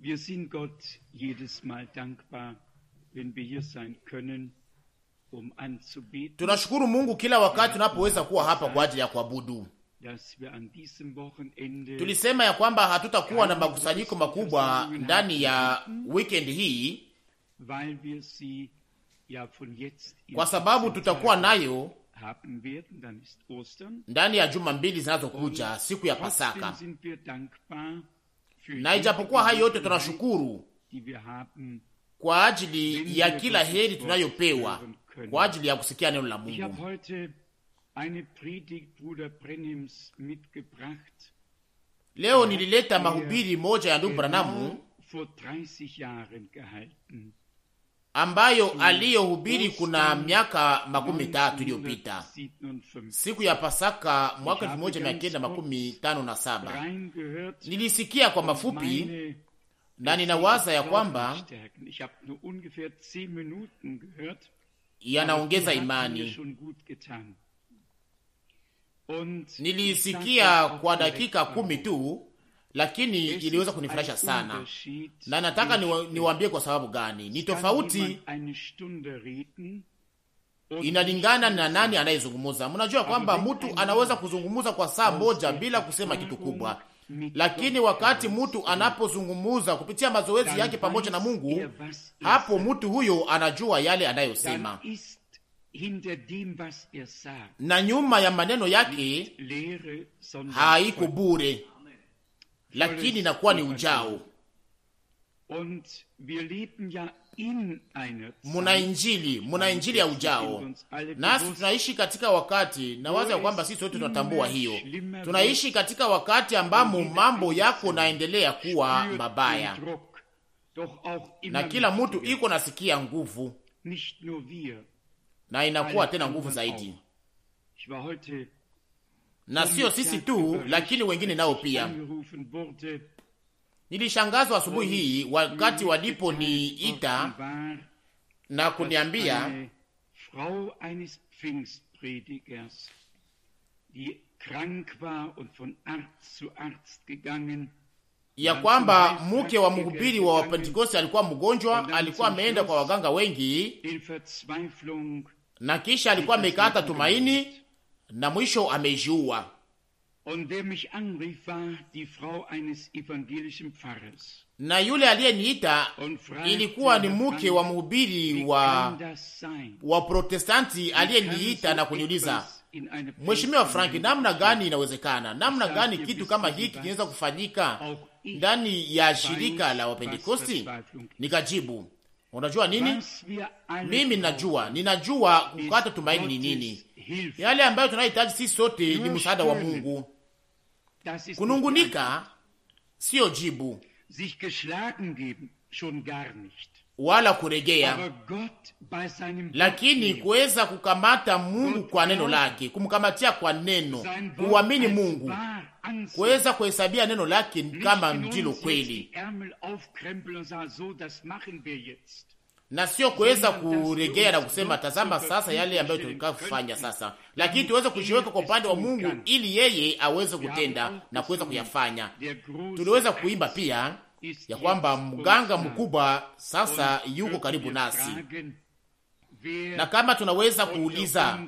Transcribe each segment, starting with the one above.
Wir sind Gott jedes Mal dankbar, wenn wir hier sein können, um anzubeten. Tunashukuru Mungu kila wakati tunapoweza kuwa hapa kwa ajili ya kuabudu. Tulisema ya kwamba hatutakuwa na makusanyiko makubwa ndani ya weekend hii kwa sababu tutakuwa nayo ndani ya juma mbili zinazokuja, siku ya Pasaka. Na ijapokuwa hayo yote, tunashukuru kwa ajili ya kila heri tunayopewa kwa ajili ya kusikia neno la Mungu. Leo nilileta mahubiri moja ya ndugu Branamu ambayo aliyohubiri kuna miaka makumi tatu iliyopita, siku ya Pasaka mwaka elfu moja mia kenda makumi tano na saba. Nilisikia kwa mafupi na ninawaza ya kwamba yanaongeza imani. Nilisikia kwa dakika kumi tu lakini iliweza kunifurahisha sana, na nataka niwaambie kwa sababu gani. Ni tofauti inalingana na nani anayezungumuza. Mnajua kwamba mtu anaweza kuzungumuza kwa saa moja bila kusema kitu kubwa, lakini wakati mtu anapozungumuza kupitia mazoezi yake pamoja na Mungu, er, er hapo mtu huyo anajua yale anayosema, er na nyuma ya maneno yake haiko bure, lakini inakuwa ni ujao. Muna injili, muna injili ya ujao, nasi tunaishi katika wakati na waza ya kwamba sisi wote tunatambua hiyo. Tunaishi katika wakati ambamo mambo yako naendelea kuwa mabaya na kila mtu iko nasikia nguvu na inakuwa tena nguvu zaidi na sio sisi tu, lakini wengine nao pia. Nilishangazwa asubuhi hii wakati waliponiita na kuniambia ya kwamba mke wa mhubiri wa Wapentekosti alikuwa mgonjwa, alikuwa ameenda kwa waganga wengi na kisha alikuwa amekata tumaini na mwisho ameijiua. Na yule aliyeniita ilikuwa ni mke wa mhubiri wa wa Protestanti aliyeniita na kuniuliza, Mheshimiwa Frank, namna gani inawezekana, namna gani kitu kama hiki kinaweza kufanyika ndani ya shirika la Wapentekosti? Nikajibu, unajua nini, mimi najua, ninajua kukata tumaini ni nini yale ambayo tunahitaji sisi sote ni msaada wa Mungu. Kunungunika siyo jibu wala kuregea, lakini kuweza kukamata Mungu kwa neno lake, kumkamatia kwa neno, kuamini Mungu, kuweza kuhesabia neno lake kama mjilo kweli na sio kuweza kuregea na kusema tazama sasa yale ambayo tulikaa kufanya sasa, lakini tuweze kujiweka kwa upande wa Mungu ili yeye aweze kutenda na kuweza kuyafanya. Tuliweza kuimba pia ya kwamba mganga mkubwa sasa yuko karibu nasi, na kama tunaweza kuuliza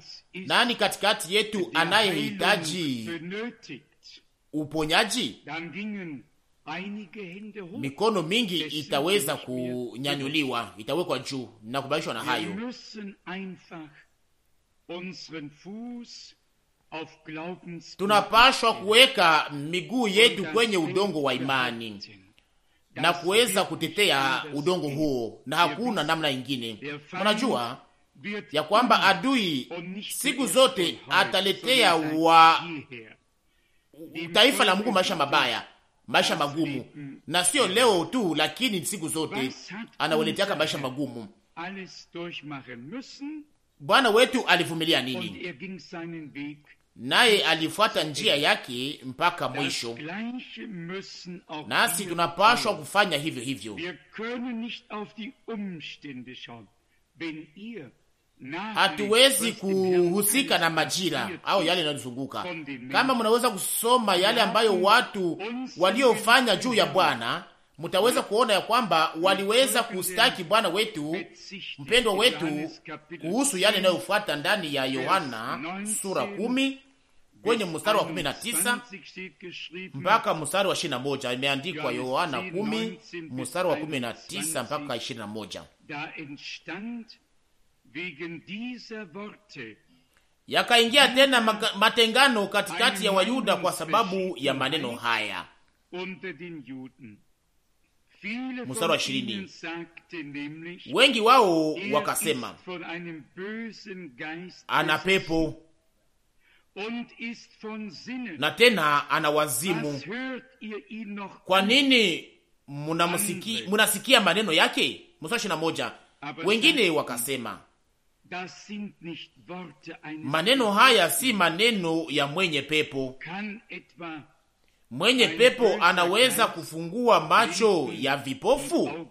nani katikati yetu anayehitaji uponyaji mikono mingi itaweza kunyanyuliwa, itawekwa juu na kubalishwa na hayo. Tunapashwa kuweka miguu yetu kwenye udongo wa imani na kuweza kutetea udongo huo, na hakuna namna ingine. Unajua ya kwamba adui siku zote ataletea wa taifa la Mungu maisha mabaya maisha magumu, mm, mm. na sio leo tu, lakini siku zote anawaleteaka maisha magumu. Bwana wetu alivumilia nini? Er Naye alifuata njia yake mpaka mwisho. Nasi tunapashwa kufanya hivyo hivyo hatuwezi kuhusika na majira au yale yanayozunguka. Kama mnaweza kusoma yale ambayo watu waliofanya juu ya Bwana, mtaweza kuona ya kwamba waliweza kustaki Bwana wetu mpendwa wetu, kuhusu yale yanayofuata ndani ya Yohana sura kumi kwenye mstari wa kumi na tisa mpaka mstari wa ishirini na moja imeandikwa Yohana kumi mstari wa kumi na tisa mpaka ishirini na moja Yakaingia tena matengano katikati ya Wayuda kwa sababu ya maneno haya. Mstari wa ishirini, wengi wao er wakasema ana pepo na tena ana wazimu. Kwa nini munasikia maneno yake? Mstari wa ishirini na moja, wengine wakasema Maneno haya si maneno ya mwenye pepo. Mwenye pepo anaweza kufungua macho ya vipofu?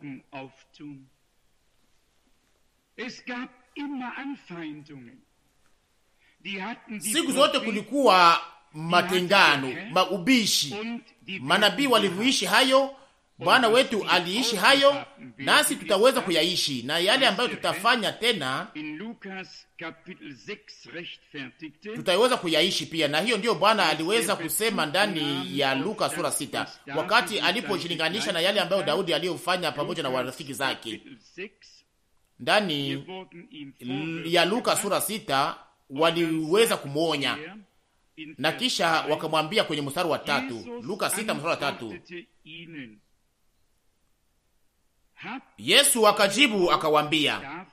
Siku zote kulikuwa matengano, maubishi, manabii walivuishi hayo Bwana wetu aliishi hayo, nasi tutaweza kuyaishi, na yale ambayo tutafanya tena tutaweza kuyaishi pia. Na hiyo ndiyo Bwana aliweza kusema ndani ya Luka sura sita, wakati alipojilinganisha na yale ambayo Daudi aliyofanya pamoja na warafiki zake ndani ya Luka sura sita waliweza kumwonya na kisha wakamwambia kwenye mstari wa tatu, Luka sita mstari wa tatu Yesu akajibu akawambia,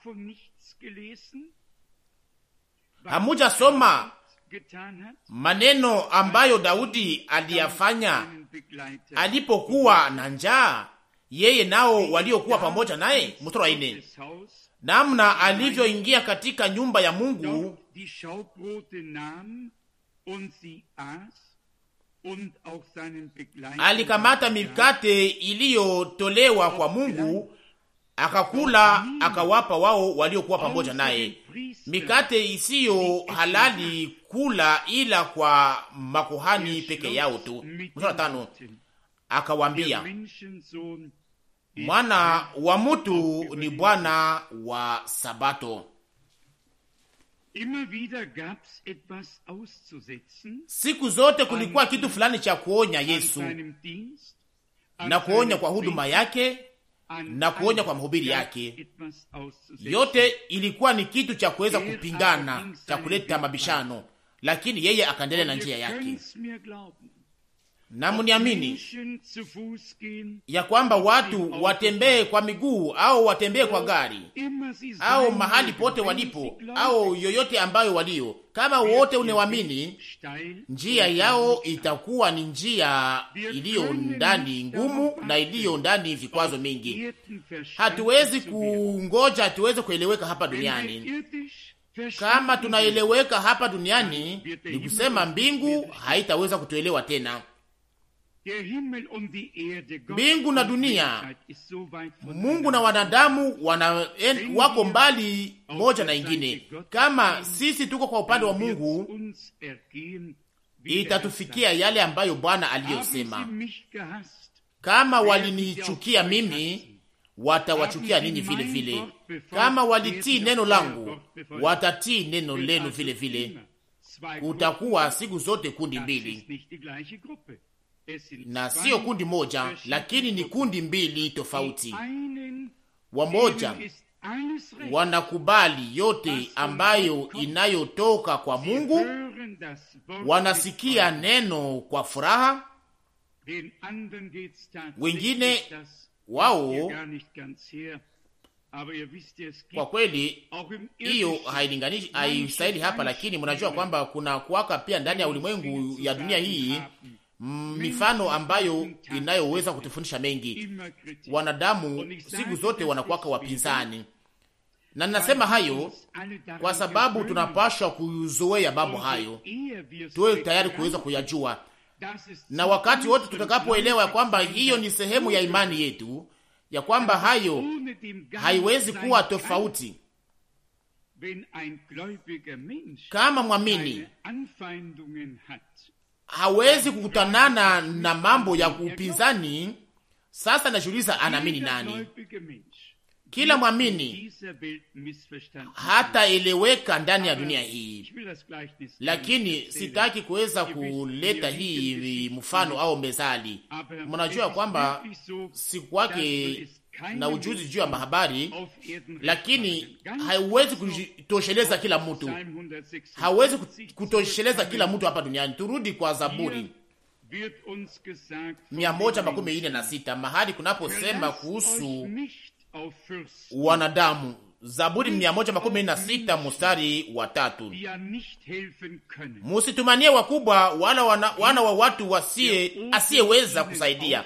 hamujasoma maneno ambayo Daudi aliyafanya alipokuwa na njaa, yeye nao waliokuwa pamoja naye? Mstari wa nne, namna alivyoingia katika nyumba ya Mungu alikamata mikate iliyotolewa kwa Mungu akakula akawapa wao waliokuwa pamoja naye. Mikate isiyo halali kula ila kwa makuhani peke yao tu. Tano, akawambia mwana wa mtu ni Bwana wa Sabato. Siku zote kulikuwa kitu fulani cha kuonya Yesu na kuonya kwa huduma yake na kuonya kwa mahubiri yake, yote ilikuwa ni kitu cha kuweza er kupingana, cha kuleta mabishano, lakini yeye akaendelea na njia yake na mniamini ya kwamba watu watembee kwa miguu au watembee kwa gari au mahali pote walipo au yoyote ambayo walio, kama wote unewamini, njia yao itakuwa ni njia iliyo ndani ngumu na iliyo ndani vikwazo mingi. Hatuwezi kungoja, hatuweze kueleweka hapa duniani kama tunaeleweka hapa duniani, ni kusema mbingu haitaweza kutuelewa tena. Mbingu na dunia, Mungu na wanadamu wana, en, wako mbali moja na ingine. Kama sisi tuko kwa upande wa Mungu, itatufikia yale ambayo Bwana aliyosema, kama walinichukia mimi watawachukia ninyi vile vile, kama walitii neno langu watatii neno lenu vile vile. Utakuwa siku zote kundi mbili na siyo kundi moja, lakini ni kundi mbili tofauti. Wamoja wanakubali yote ambayo inayotoka kwa Mungu, wanasikia neno kwa furaha, wengine wao kwa kweli hiyo hailinganishi, haistahili hapa, lakini mnajua kwamba kuna kuwaka pia ndani ya ulimwengu ya dunia hii Mm, mifano ambayo inayoweza kutufundisha mengi. Wanadamu siku zote wanakuwaka wapinzani, na ninasema hayo kwa sababu tunapashwa kuzoea mambo hayo, tuwe tayari kuweza kuyajua, na wakati wote tutakapoelewa ya kwamba hiyo ni sehemu ya imani yetu, ya kwamba hayo haiwezi kuwa tofauti. Kama mwamini hawezi kukutanana na mambo ya upinzani. Sasa najiuliza, anaamini nani? Kila mwamini eleweka ndani ya dunia hii, lakini sitaki kuweza kuleta hii mfano au mezali. Mnajua kwamba siku wake na ujuzi juu ya mahabari, lakini haiwezi kutosheleza kila mtu, hawezi kutosheleza kila mtu hapa duniani. Turudi kwa Zaburi mia moja makumi ine na sita mahali kunaposema kuhusu wanadamu. Zaburi mia moja makumi ine na sita mustari wa tatu musitumanie wakubwa wala wana, wana wa watu asiyeweza kusaidia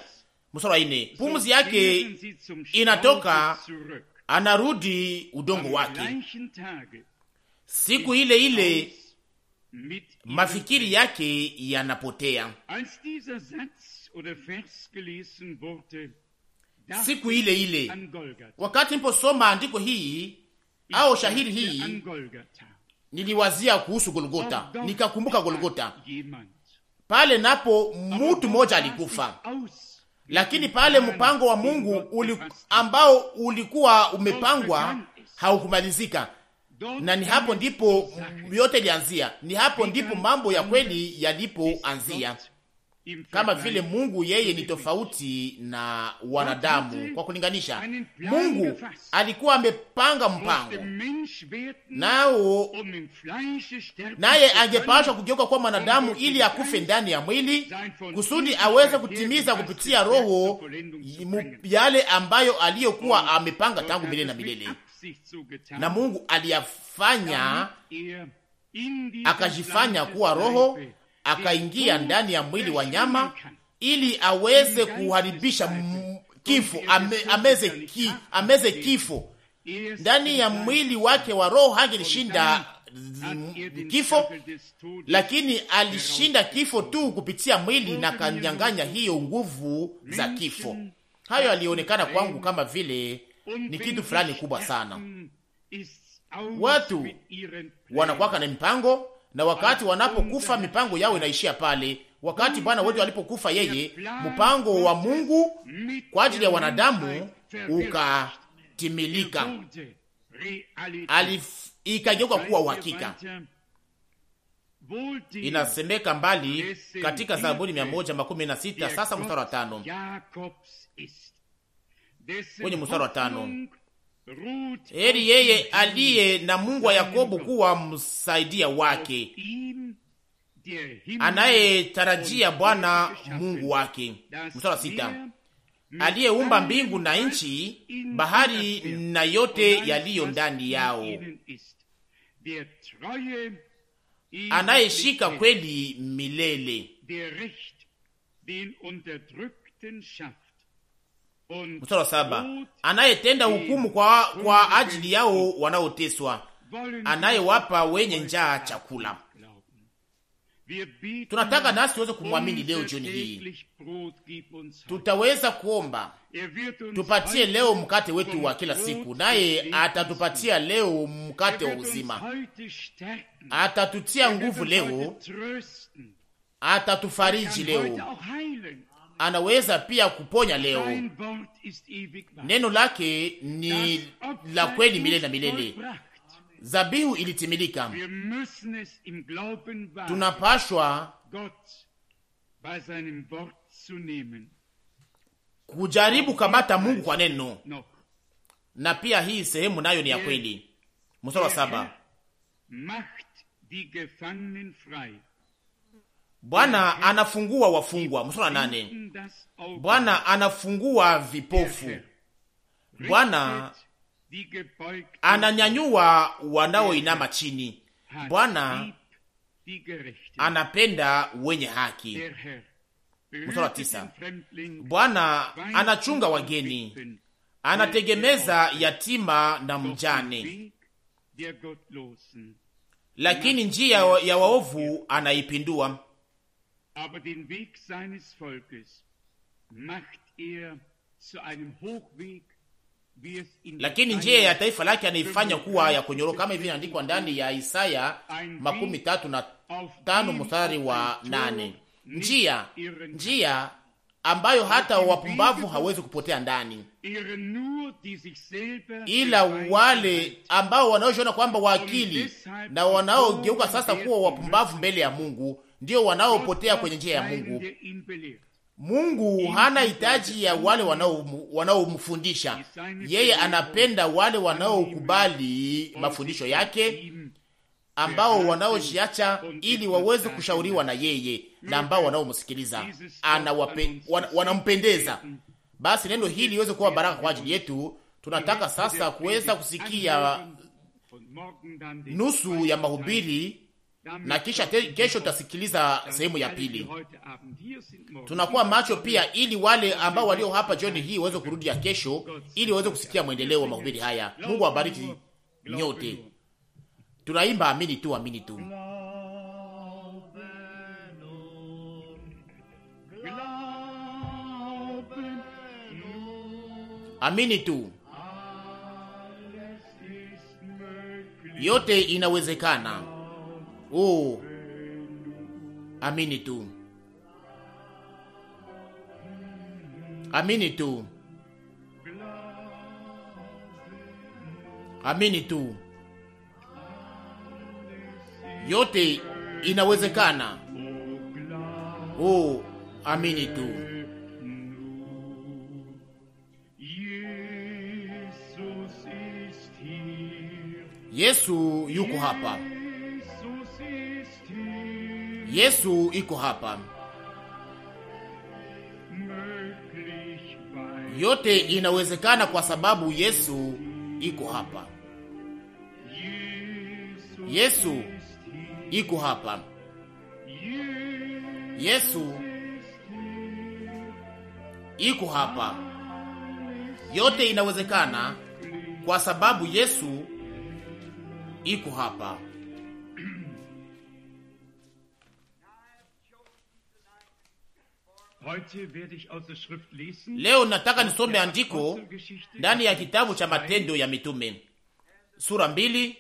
mstari wa ine, pumzi yake inatoka anarudi udongo wake. Siku ile ile mafikiri yake yanapotea. Siku ile ile wakati mposoma andiko hii au shahiri hii, niliwazia kuhusu Golgota, nikakumbuka Golgota pale napo mutu moja alikufa lakini pale mpango wa Mungu uli, ambao ulikuwa umepangwa haukumalizika, na ni hapo ndipo yote ilianzia, ni hapo ndipo mambo ya kweli yalipoanzia kama vile Mungu yeye ni tofauti na wanadamu. Kwa kulinganisha, Mungu alikuwa amepanga mpango nao, um naye angepashwa kugeuka kuwa mwanadamu ili akufe ndani ya mwili, kusudi aweze kutimiza kupitia Roho yale ambayo aliyokuwa amepanga tangu milele na milele, na Mungu aliyafanya er akajifanya kuwa Roho akaingia ndani ya mwili wa nyama ili aweze kuharibisha kifo, ame, ameze, ki, ameze kifo ndani ya mwili wake wa roho. Hangelishinda kifo, lakini alishinda kifo tu kupitia mwili na kanyang'anya hiyo nguvu za kifo. Hayo alionekana kwangu kama vile ni kitu fulani kubwa sana. Watu wanakwaka na mipango na wakati wanapokufa mipango yao inaishia pale. Wakati Bwana wetu alipokufa yeye, mpango wa Mungu kwa ajili ya wanadamu ukatimilika, ikageuka kuwa uhakika. Inasemeka mbali katika Zaburi mia moja makumi na sita sasa mstari wa tano kwenye mstari wa tano Heri yeye aliye na Mungu wa Yakobo kuwa msaidia wake, anayetarajia Bwana Mungu wake. Mstari sita, aliyeumba mbingu na nchi, bahari na yote yaliyo ndani yao, anayeshika kweli milele mstari wa saba, anayetenda hukumu kwa, kwa ajili yao wanaoteswa, anayewapa wenye njaa chakula. Tunataka nasi tuweze kumwamini leo jioni hii, tutaweza kuomba tupatie leo mkate wetu wa kila siku, naye atatupatia leo mkate wa uzima, atatutia nguvu leo, atatufariji leo, anaweza pia kuponya leo. Neno lake ni la kweli milele na milele. Zabihu ilitimilika. Tunapashwa kujaribu kamata Mungu kwa neno, na pia hii sehemu nayo ni ya kweli. Mstari wa saba Bwana anafungua wafungwa. Mstari nane. Bwana anafungua vipofu. Bwana ananyanyua wanaoinama chini. Bwana anapenda wenye haki. Mstari tisa. Bwana anachunga wageni, anategemeza yatima na mjane, lakini njia ya waovu anaipindua aber den Weg seines Volkes macht er zu einem Hochweg, lakini njia ya taifa lake anaifanya kuwa ya kunyoroka, kama hivi inaandikwa ndani ya Isaya makumi tatu na tano mstari wa nane njia njia ambayo hata wapumbavu hawezi kupotea ndani, ila wale ambao wanaojiona kwamba waakili na wanaogeuka sasa kuwa wapumbavu mbele ya Mungu ndio wanaopotea kwenye njia ya Mungu. Mungu hana hitaji ya wale wanaomfundisha, yeye anapenda wale wanaokubali mafundisho yake, ambao wanaojiacha ili waweze kushauriwa na yeye, na ambao wanaomsikiliza wan, wanampendeza. Basi neno hili liweze kuwa baraka kwa ajili yetu. Tunataka sasa kuweza kusikia nusu ya mahubiri na kisha kesho tutasikiliza sehemu ya pili. Tunakuwa macho pia, ili wale ambao walio hapa jioni hii waweze kurudi ya kesho, ili waweze kusikia mwendeleo wa mahubiri haya. Mungu awabariki nyote. Tunaimba amini tu, amini tu. Amini tu, yote inawezekana. Oh, amini tu, amini tu, amini tu, yote inawezekana. Oh, amini tu. Yesu yuko hapa. Yesu iko hapa, yote inawezekana kwa sababu Yesu iko hapa. Yesu iko hapa. Yesu iko hapa. Yote inawezekana kwa sababu Yesu iko hapa. Leo nataka nisome andiko ndani ya kitabu cha Matendo ya Mitume sura mbili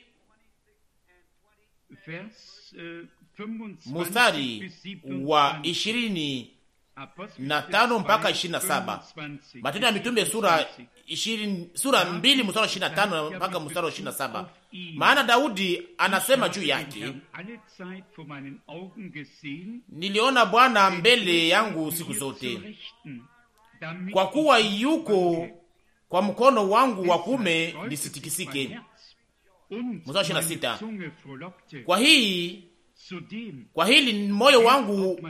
äh, mustari wa ishirini na tano mpaka ishirini na saba. Matendo ya Mitume sura ishirini, sura mbili mstari ishirini na tano mpaka mstari ishirini na saba. Maana Daudi anasema juu yake, niliona Bwana mbele yangu siku zote, kwa kuwa yuko kwa mkono wangu wa kume, nisitikisike. Mstari ishirini na sita. Kwa hii kwa hili moyo wangu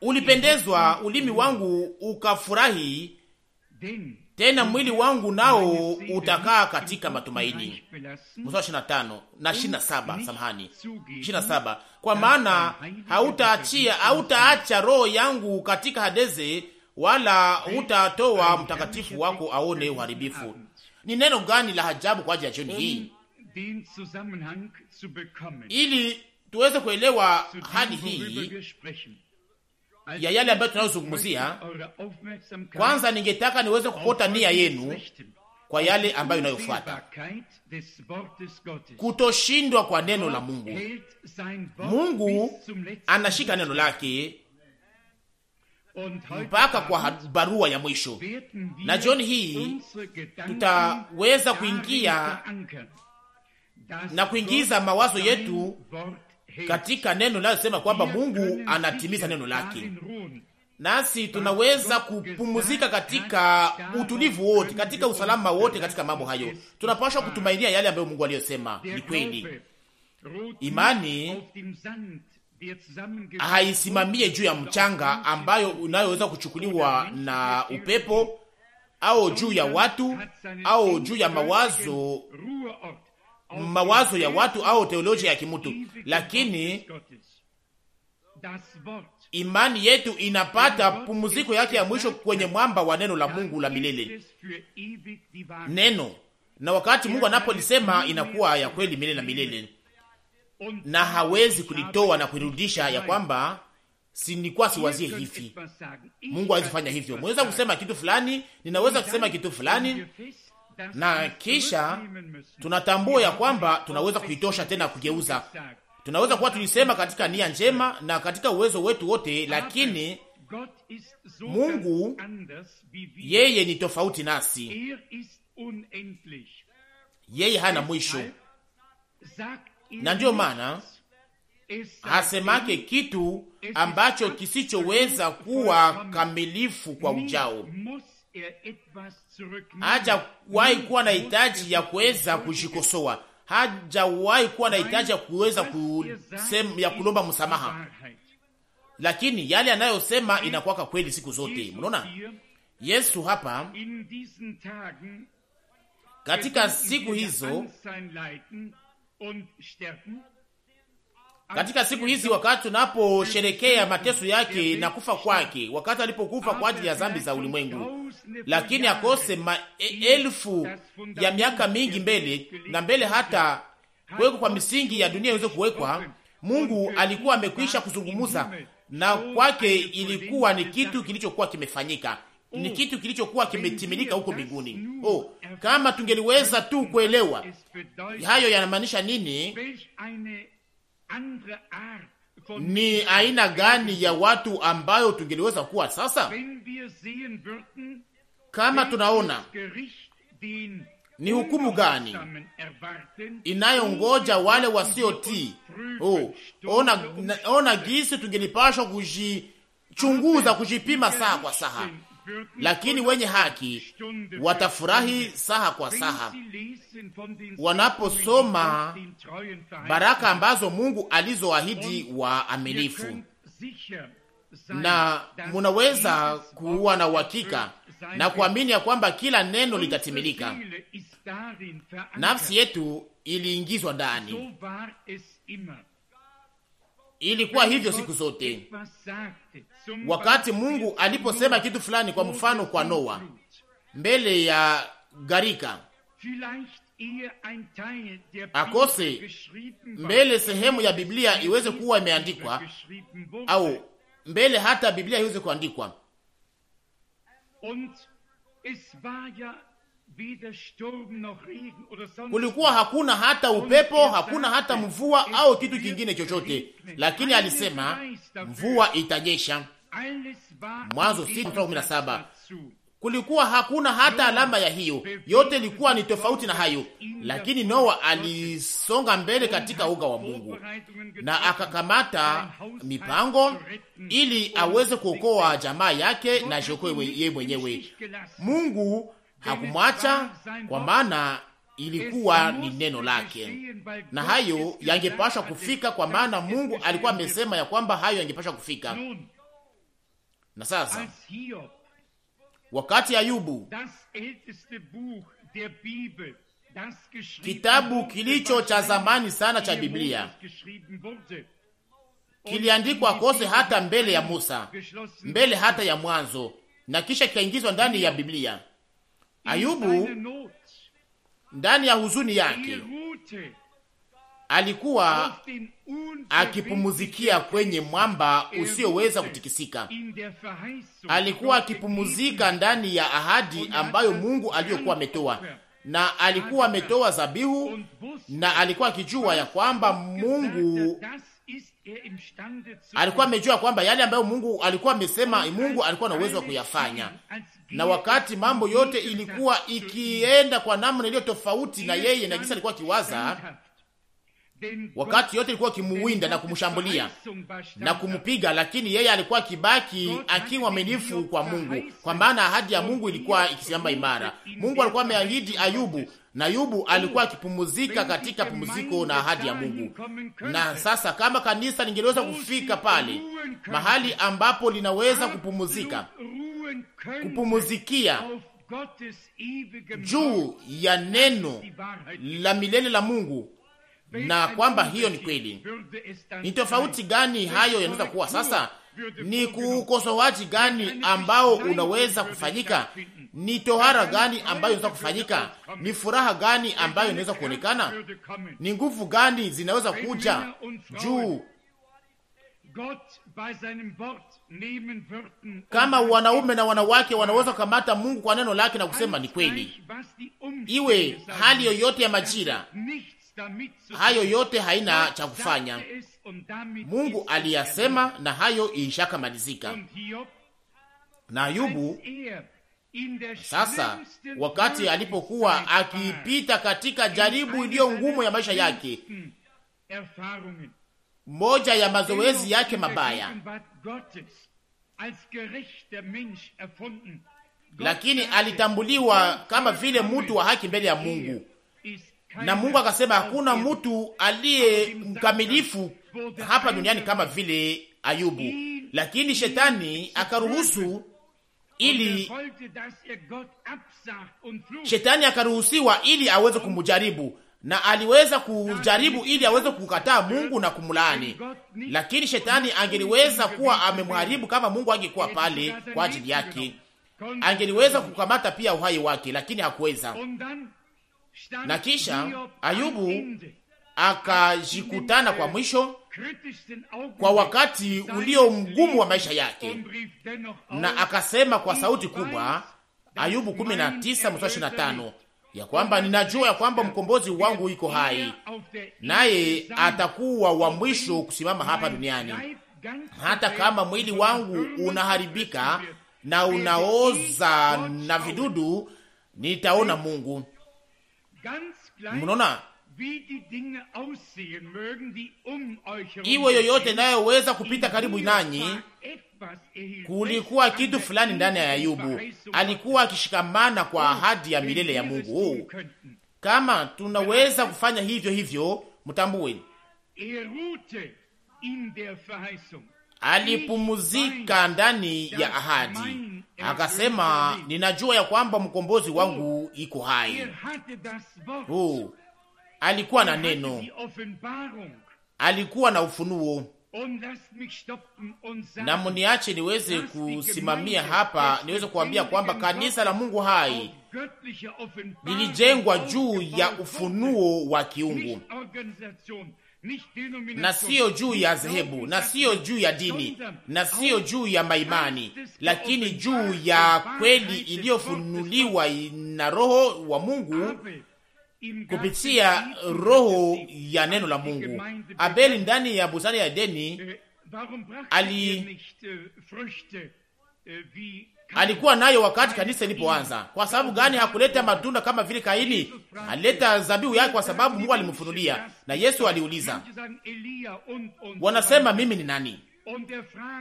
ulipendezwa, ulimi wangu ukafurahi, tena mwili wangu nao utakaa katika matumaini. Mstari na tano samahani, Kwa maana hautaachia hautaacha roho yangu katika hadeze, wala hutatoa mtakatifu wako aone uharibifu. Ni neno gani la hajabu kwa ajili ya jioni hii ili tuweze kuelewa hali hii ya yale ambayo tunayozungumzia. Kwanza ningetaka niweze kupota nia yenu kwa yale ambayo inayofuata: kutoshindwa kwa neno la Mungu. Mungu anashika neno lake mpaka kwa barua ya mwisho, na jioni hii tutaweza kuingia na kuingiza mawazo yetu katika neno linalosema kwamba Mungu anatimiza neno lake, nasi tunaweza kupumuzika katika utulivu wote, katika usalama wote, katika mambo hayo. Tunapaswa kutumainia yale ambayo Mungu aliyosema ni kweli. Imani haisimamie juu ya mchanga ambayo unayoweza kuchukuliwa na upepo au juu ya watu au juu ya mawazo mawazo ya watu au teolojia ya kimutu, lakini imani yetu inapata pumziko yake ya mwisho kwenye mwamba wa neno la Mungu la milele neno, na wakati Mungu anapolisema inakuwa ya kweli milele na milele, na hawezi kulitoa na kuirudisha, ya kwamba sinikuwa siwazie hivi. Mungu hawezi kufanya hivyo. Mweza kusema kitu fulani, ninaweza kusema kitu fulani, na kisha tunatambua ya kwamba tunaweza kuitosha tena kugeuza. Tunaweza kuwa tulisema katika nia njema na katika uwezo wetu wote, lakini Mungu yeye ni tofauti nasi, yeye hana mwisho, na ndiyo maana hasemake kitu ambacho kisichoweza kuwa kamilifu kwa ujao hajawahi kuwa na hitaji ya kuweza kujikosoa, hajawahi kuwa na hitaji ya kuweza kusema, ya kulomba msamaha, lakini yale anayosema inakuwaka kweli siku zote. Mnaona Yesu hapa katika er siku hizo katika siku hizi, wakati tunaposherekea mateso yake na kufa kwake, wakati alipokufa kwa ajili ya dhambi za ulimwengu, lakini akose maelfu ya miaka mingi mbele na mbele, hata kuwekwa kwa misingi ya dunia iweze kuwekwa, Mungu alikuwa amekwisha kuzungumuza na kwake, ilikuwa ni kitu kilichokuwa kimefanyika ni kitu kilichokuwa kimetimilika huko mbinguni. Oh, kama tungeliweza tu kuelewa hayo yanamaanisha nini, ni aina gani ya watu ambayo tungeliweza kuwa sasa kama tunaona ni hukumu gani inayongoja um wale wasiotii? Oh, ona, ona gisi tungelipashwa kujichunguza, kujipima saa kwa saha lakini wenye haki watafurahi saha kwa saha wanaposoma baraka ambazo Mungu alizoahidi waaminifu, na munaweza kuwa na uhakika na kuamini ya kwamba kila neno litatimilika. Nafsi yetu iliingizwa ndani, ilikuwa hivyo siku zote wakati Mungu aliposema kitu fulani, kwa mfano kwa Noa mbele ya gharika akose mbele sehemu ya Biblia iweze kuwa imeandikwa au mbele hata Biblia iweze kuandikwa. Er kulikuwa hakuna hata upepo, hakuna hata mvua au kitu kingine chochote, lakini alisema mvua itanyesha. Mwanzo 6:17. Kulikuwa hakuna hata alama ya hiyo, yote ilikuwa ni tofauti na hayo, lakini Noa alisonga mbele katika uga wa Mungu na akakamata mipango ili aweze kuokoa jamaa yake na shokoe yeye mwenyewe. Mungu hakumwacha kwa maana ilikuwa ni neno lake, na hayo yangepashwa kufika, kwa maana Mungu alikuwa amesema ya kwamba hayo yangepashwa kufika. Na sasa wakati Ayubu, kitabu kilicho cha zamani sana cha Biblia kiliandikwa kose hata mbele ya Musa, mbele hata ya mwanzo, na kisha kikaingizwa ndani ya Biblia Ayubu ndani ya huzuni yake alikuwa akipumuzikia kwenye mwamba usioweza kutikisika. Alikuwa akipumuzika ndani ya ahadi ambayo Mungu aliyokuwa ametoa, na alikuwa ametoa zabihu, na alikuwa akijua ya kwamba Mungu alikuwa amejua kwamba yale ambayo Mungu alikuwa amesema, Mungu alikuwa na uwezo wa kuyafanya, na wakati mambo yote ilikuwa ikienda kwa namna iliyo tofauti na yeye na jinsi alikuwa akiwaza, wakati yote ilikuwa kimuwinda na kumshambulia na kumpiga, lakini yeye alikuwa akibaki akiwa mwaminifu kwa Mungu, kwa maana ahadi ya Mungu ilikuwa ikisimama imara. Mungu alikuwa ameahidi Ayubu na Ayubu oh, alikuwa akipumuzika katika pumziko na ahadi ya Mungu. Na sasa kama kanisa lingeliweza kufika pale mahali ambapo linaweza kupumuzika kupumuzikia juu ya neno la milele la Mungu na kwamba hiyo ni kweli. Ni tofauti gani hayo yanaweza kuwa sasa? Ni kukosoaji gani ambao unaweza kufanyika? Ni tohara gani ambayo inaweza kufanyika? Ni furaha gani ambayo inaweza kuonekana? Ni nguvu gani zinaweza kuja juu Um Kama wanaume na wanawake wanaweza kukamata Mungu kwa neno lake na kusema ni kweli, iwe hali yoyote ya majira, hayo yote haina cha kufanya. Um Mungu aliyasema na hayo ishakamalizika Na Ayubu er sasa, wakati alipokuwa akipita katika jaribu iliyo ngumu ya maisha yake moja ya mazoezi yake mabaya, lakini alitambuliwa kama vile mtu wa haki mbele ya Mungu, na Mungu akasema hakuna mtu aliye mkamilifu hapa duniani kama vile Ayubu, lakini shetani akaruhusu ili shetani akaruhusiwa ili aweze kumjaribu na aliweza kujaribu ili aweze kukataa Mungu na kumlaani, lakini shetani angeliweza kuwa amemharibu kama Mungu angekuwa pale kwa ajili yake, angeliweza kukamata pia uhai wake, lakini hakuweza. Na kisha Ayubu akajikutana kwa mwisho kwa wakati ulio mgumu wa maisha yake, na akasema kwa sauti kubwa, Ayubu 19 mstari 25 ya kwamba ninajua ya kwamba mkombozi wangu iko hai, naye atakuwa wa mwisho kusimama hapa duniani. Hata kama mwili wangu unaharibika na unaoza na vidudu, nitaona Mungu. Mnaona Um iwe yoyote inayoweza kupita karibu nanyi. Kulikuwa kitu fulani ndani ya Ayubu, alikuwa akishikamana kwa ahadi ya milele ya Mungu. Kama tunaweza kufanya hivyo hivyo, mtambue alipumuzika ndani ya ahadi, akasema ninajua ya kwamba mkombozi oh, wangu iko hai. Oh, alikuwa na neno, alikuwa na ufunuo. Um, na mniache niweze kusimamia hapa, niweze kuambia kwamba kanisa la Mungu hai lilijengwa juu ya ufunuo wa kiungu na siyo juu ya dhehebu na siyo juu ya dini na siyo juu ya maimani, lakini juu ya kweli iliyofunuliwa na Roho wa Mungu kupitia roho ya neno la Mungu. Abeli ndani ya bustani ya Edeni ali alikuwa nayo wakati kanisa ilipoanza. Kwa sababu gani hakuleta matunda kama vile Kaini? Alileta zabiu yake kwa sababu Mungu alimfunulia. Na Yesu aliuliza, wanasema mimi ni nani?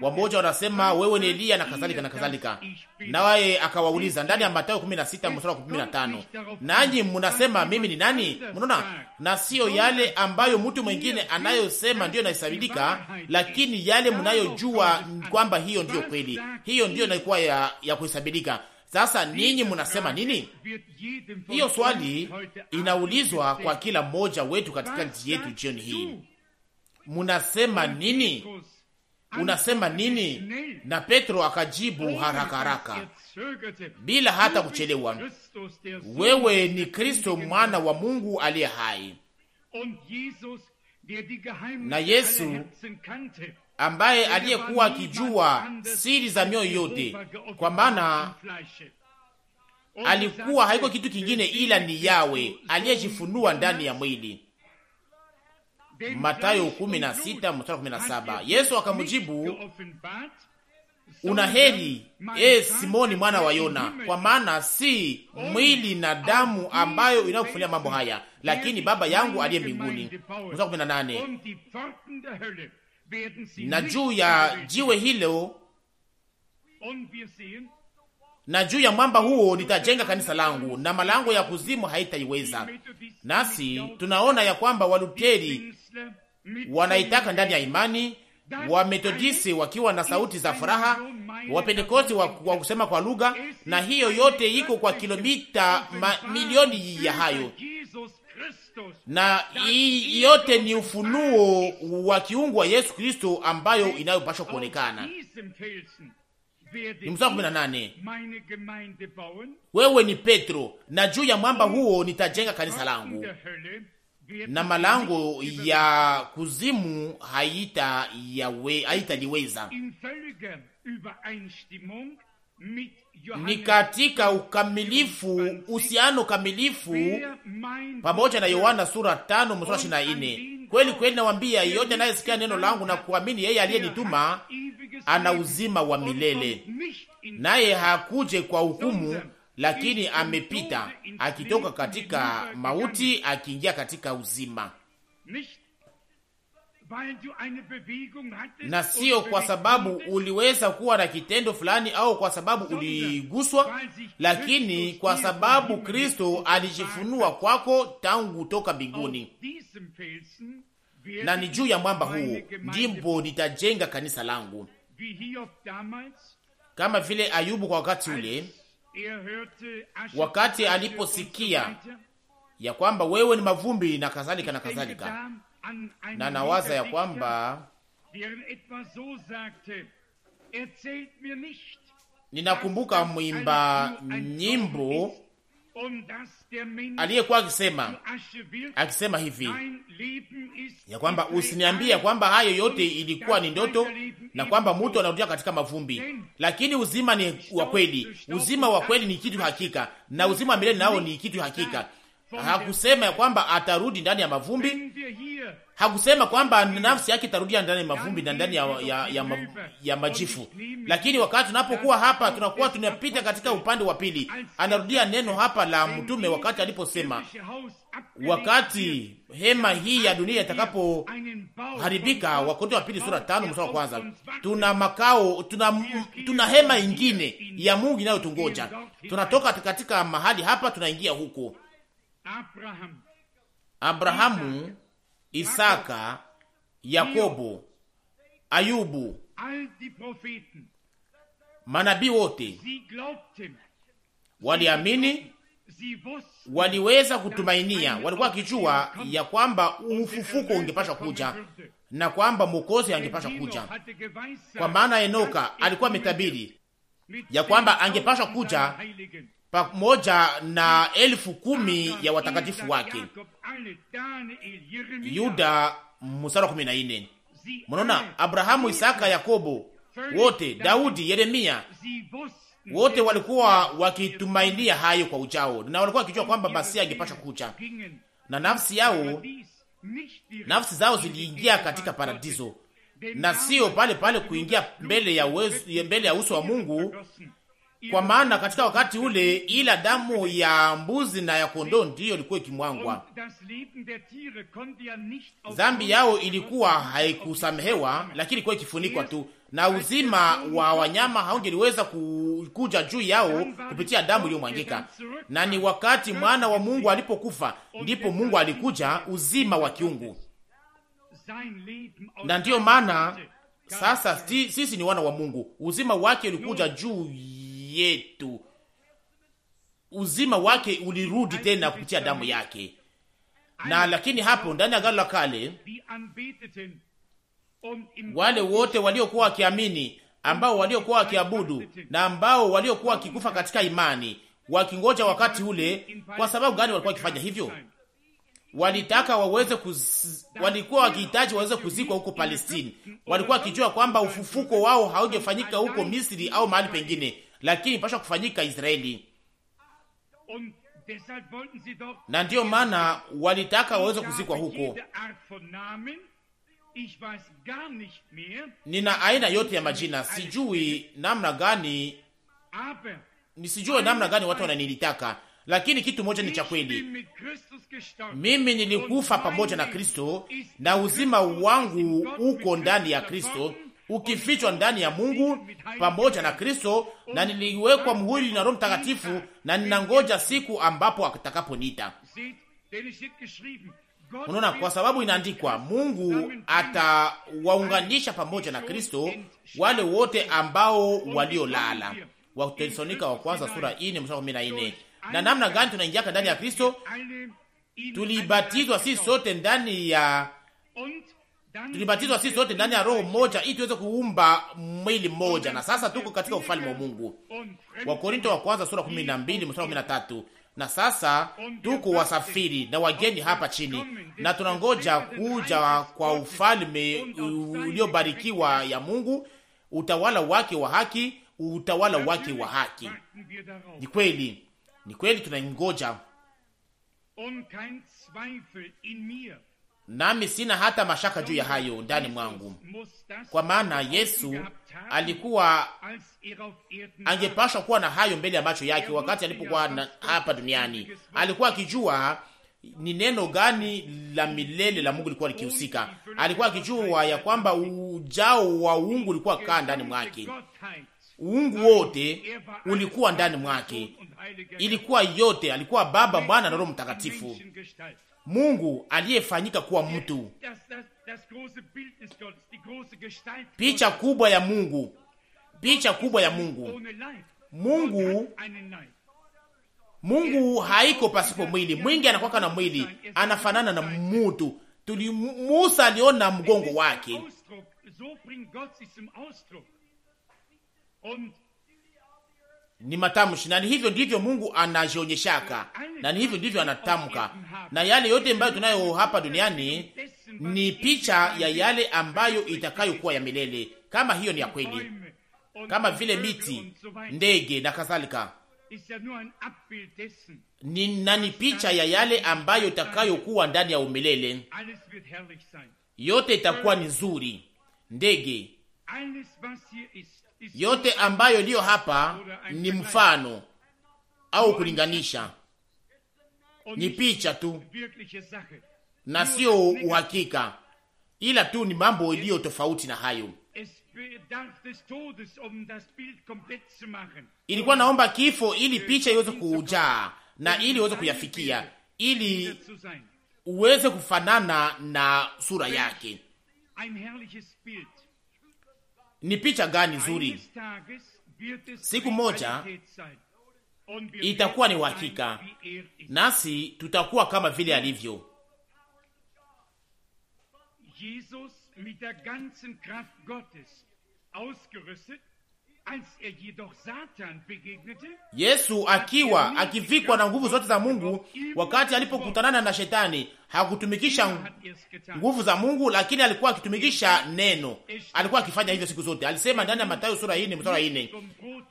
wamoja wanasema wewe ni Eliya na kadhalika na kadhalika, Nawaye akawauliza ndani ya Mathayo 16 mstari wa 15, nanyi mnasema mimi ni nani? Mnaona, na sio yale ambayo mtu mwingine anayosema ndiyo inahesabika, lakini yale mnayojua kwamba hiyo ndiyo kweli, hiyo ndiyo inakuwa ya, ya kuhesabika. Sasa ninyi mnasema nini? Hiyo swali inaulizwa kwa kila mmoja wetu katika nchi yetu jioni hii, mnasema nini? unasema nini? Na Petro akajibu haraka haraka bila hata kuchelewa, wewe ni Kristo mwana wa Mungu aliye hai. Na Yesu ambaye aliyekuwa akijua siri za mioyo yote, kwa maana alikuwa haiko kitu kingine ila ni Yawe aliyejifunua ndani ya mwili Matayo 16 mstari 17. Yesu akamjibu, una heri e Simoni mwana wa Yona, kwa maana si mwili na damu ambayo inakufunia mambo haya, lakini Baba yangu aliye mbinguni. Mstari 18. Na juu ya jiwe hilo na juu ya mwamba huo nitajenga kanisa langu, na malango ya kuzimu haitaiweza. Nasi tunaona ya kwamba Waluteri wanaitaka ndani ya imani, Wametodisi wakiwa na sauti za furaha, Wapentekosti wa, wa kusema kwa lugha, na hiyo yote iko kwa kilomita milioni ya hayo, na hii yote ni ufunuo wa kiungu wa Yesu Kristo ambayo inayopashwa kuonekana. Ni mstari kumi na nane, wewe ni Petro na juu ya mwamba huo nitajenga kanisa langu na malango ya kuzimu haita yawe, haitaliweza. Ni katika ukamilifu, uhusiano kamilifu pamoja na Yohana sura tano mstari ishirini na nne. Kweli kweli nawambia, yote anayesikia neno langu na kuamini yeye aliyenituma ana uzima wa milele, naye hakuje kwa hukumu lakini amepita akitoka katika mauti akiingia katika uzima, na sio kwa sababu uliweza kuwa na kitendo fulani au kwa sababu uliguswa, lakini kwa sababu Kristo alijifunua kwako tangu toka mbinguni. Na ni juu ya mwamba huo ndipo nitajenga kanisa langu, kama vile Ayubu kwa wakati ule wakati aliposikia ya kwamba wewe ni mavumbi na kadhalika na kadhalika, na nawaza ya kwamba ninakumbuka mwimba nyimbo Um, aliyekuwa akisema akisema hivi ya kwamba usiniambie kwamba hayo yote ilikuwa ni ndoto na kwamba mtu anarudia katika mavumbi, lakini uzima ni wa kweli. Uzima wa kweli ni kitu hakika, na uzima wa milele nao ni kitu hakika hakusema ya kwamba atarudi ndani ya mavumbi, hakusema kwamba nafsi yake itarudia ndani ya mavumbi na ndani ya, ya, ya, ma, ya majifu. Lakini wakati tunapokuwa hapa, tunakuwa tunapita katika upande wa pili. Anarudia neno hapa la mtume wakati aliposema, wakati hema hii ya dunia itakapoharibika, Wakorintho wa pili sura tano mstari wa kwanza, tuna makao tuna, tuna hema ingine ya Mungu inayotungoja. Tunatoka katika mahali hapa tunaingia huko Abrahamu, Isaka, Yakobo, Ayubu, manabii wote waliamini, waliweza kutumainia, walikuwa wakijua ya kwamba ufufuko ungepasha kuja na kwamba mwokozi angepasha kuja, kwa maana Enoka alikuwa ametabiri ya kwamba angepasha kuja pamoja na elfu kumi ya watakatifu wake. Yuda mstari wa 14. Mnaona Abrahamu, Isaka, Yakobo wote, Daudi, Yeremia wote walikuwa wakitumainia hayo kwa ujao, na walikuwa wakijua kwamba basi angepashwa kucha, na nafsi yao nafsi zao ziliingia katika paradiso, na sio pale pale kuingia mbele ya uwezo, mbele ya uso wa Mungu kwa maana katika wakati ule ila damu ya mbuzi na ya kondoo ndiyo ilikuwa ikimwangwa. Dhambi yao ilikuwa haikusamehewa, lakini ilikuwa ikifunikwa tu, na uzima wa wanyama haungeliweza kukuja juu yao kupitia damu iliyomwangika. Na ni wakati mwana wa Mungu alipokufa, ndipo Mungu alikuja uzima wa kiungu, na ndiyo maana sasa sisi ni wana wa Mungu. Uzima wake ulikuja juu yetu, uzima wake ulirudi tena kupitia damu yake. Na lakini hapo ndani ya Agano la Kale wale wote waliokuwa wakiamini, ambao waliokuwa wakiabudu na ambao waliokuwa wakikufa katika imani, wakingoja wakati ule. Kwa sababu gani walikuwa wakifanya hivyo? Walitaka waweze walikuwa wakihitaji waweze kuzikwa huko Palestini. Walikuwa wakijua kwamba ufufuko wao haujafanyika huko Misri au mahali pengine, lakini pasha kufanyika Israeli, na ndiyo maana walitaka waweze kuzikwa huko. Nina aina yote ya majina, sijui namna gani, nisijue namna gani watu wananilitaka, lakini kitu moja ni cha kweli, mimi nilikufa pamoja na Kristo na uzima wangu uko ndani ya Kristo ukifichwa ndani ya Mungu pamoja na Kristo, na niliwekwa muhuri na Roho Mtakatifu, na ninangoja siku ambapo atakaponiita. Unaona, kwa sababu inaandikwa, Mungu atawaunganisha pamoja na Kristo wale wote ambao waliolala. Wathesalonike wa kwanza sura 4 mstari 14. na Na namna gani tunaingiaka ndani ya Kristo? Tulibatizwa sisi sote ndani ya tulibatizwa sisi wote ndani ya roho moja ili tuweze kuumba mwili mmoja, na sasa tuko katika ufalme wa Mungu. Wakorinto wa kwanza sura 12 mstari 13. Na sasa tuko wasafiri na wageni hapa chini, na tunangoja kuja kwa ufalme uliobarikiwa ya Mungu, utawala wake wa haki, utawala wake wa haki. Ni kweli, ni kweli, tunaingoja nami sina hata mashaka juu ya hayo ndani mwangu, kwa maana Yesu alikuwa angepashwa kuwa na hayo mbele ya macho yake wakati alipokuwa hapa duniani. Alikuwa akijua ni neno gani la milele la Mungu likuwa likihusika. Alikuwa akijua ya kwamba ujao wa uungu ulikuwa kaa ndani mwake, uungu wote ulikuwa ndani mwake, ilikuwa yote, alikuwa Baba, Mwana na Roho Mtakatifu Mungu aliyefanyika kuwa mtu, picha kubwa ya Mungu, picha kubwa ya Mungu. Mungu Mungu haiko pasipo mwili, mwingi anakwaka na mwili, anafanana na mutu. Tuli Musa aliona mgongo wake ni matamshi, na ni hivyo ndivyo Mungu anajionyeshaka, na ni hivyo ndivyo anatamka, na yale yote ambayo tunayo hapa duniani ni picha ya yale ambayo itakayokuwa ya milele. Kama hiyo ni ya kweli, kama vile miti, ndege na kadhalika, ni na ni picha ya yale ambayo itakayokuwa ndani ya umilele. Yote itakuwa ni nzuri, ndege yote ambayo iliyo hapa ni mfano au kulinganisha, ni picha tu na sio uhakika, ila tu ni mambo iliyo tofauti na hayo. Ilikuwa naomba kifo ili picha iweze kujaa na ili iweze kuyafikia, ili uweze kufanana na sura yake. Ni picha gani nzuri! Siku moja itakuwa ni uhakika, nasi tutakuwa kama vile alivyo Er Yesu er akiwa akivikwa na nguvu zote za Mungu, wakati alipokutanana na Shetani hakutumikisha nguvu za Mungu, lakini alikuwa akitumikisha neno. Alikuwa akifanya hivyo siku zote. Alisema ndani ya Mathayo sura 4 mstari 4,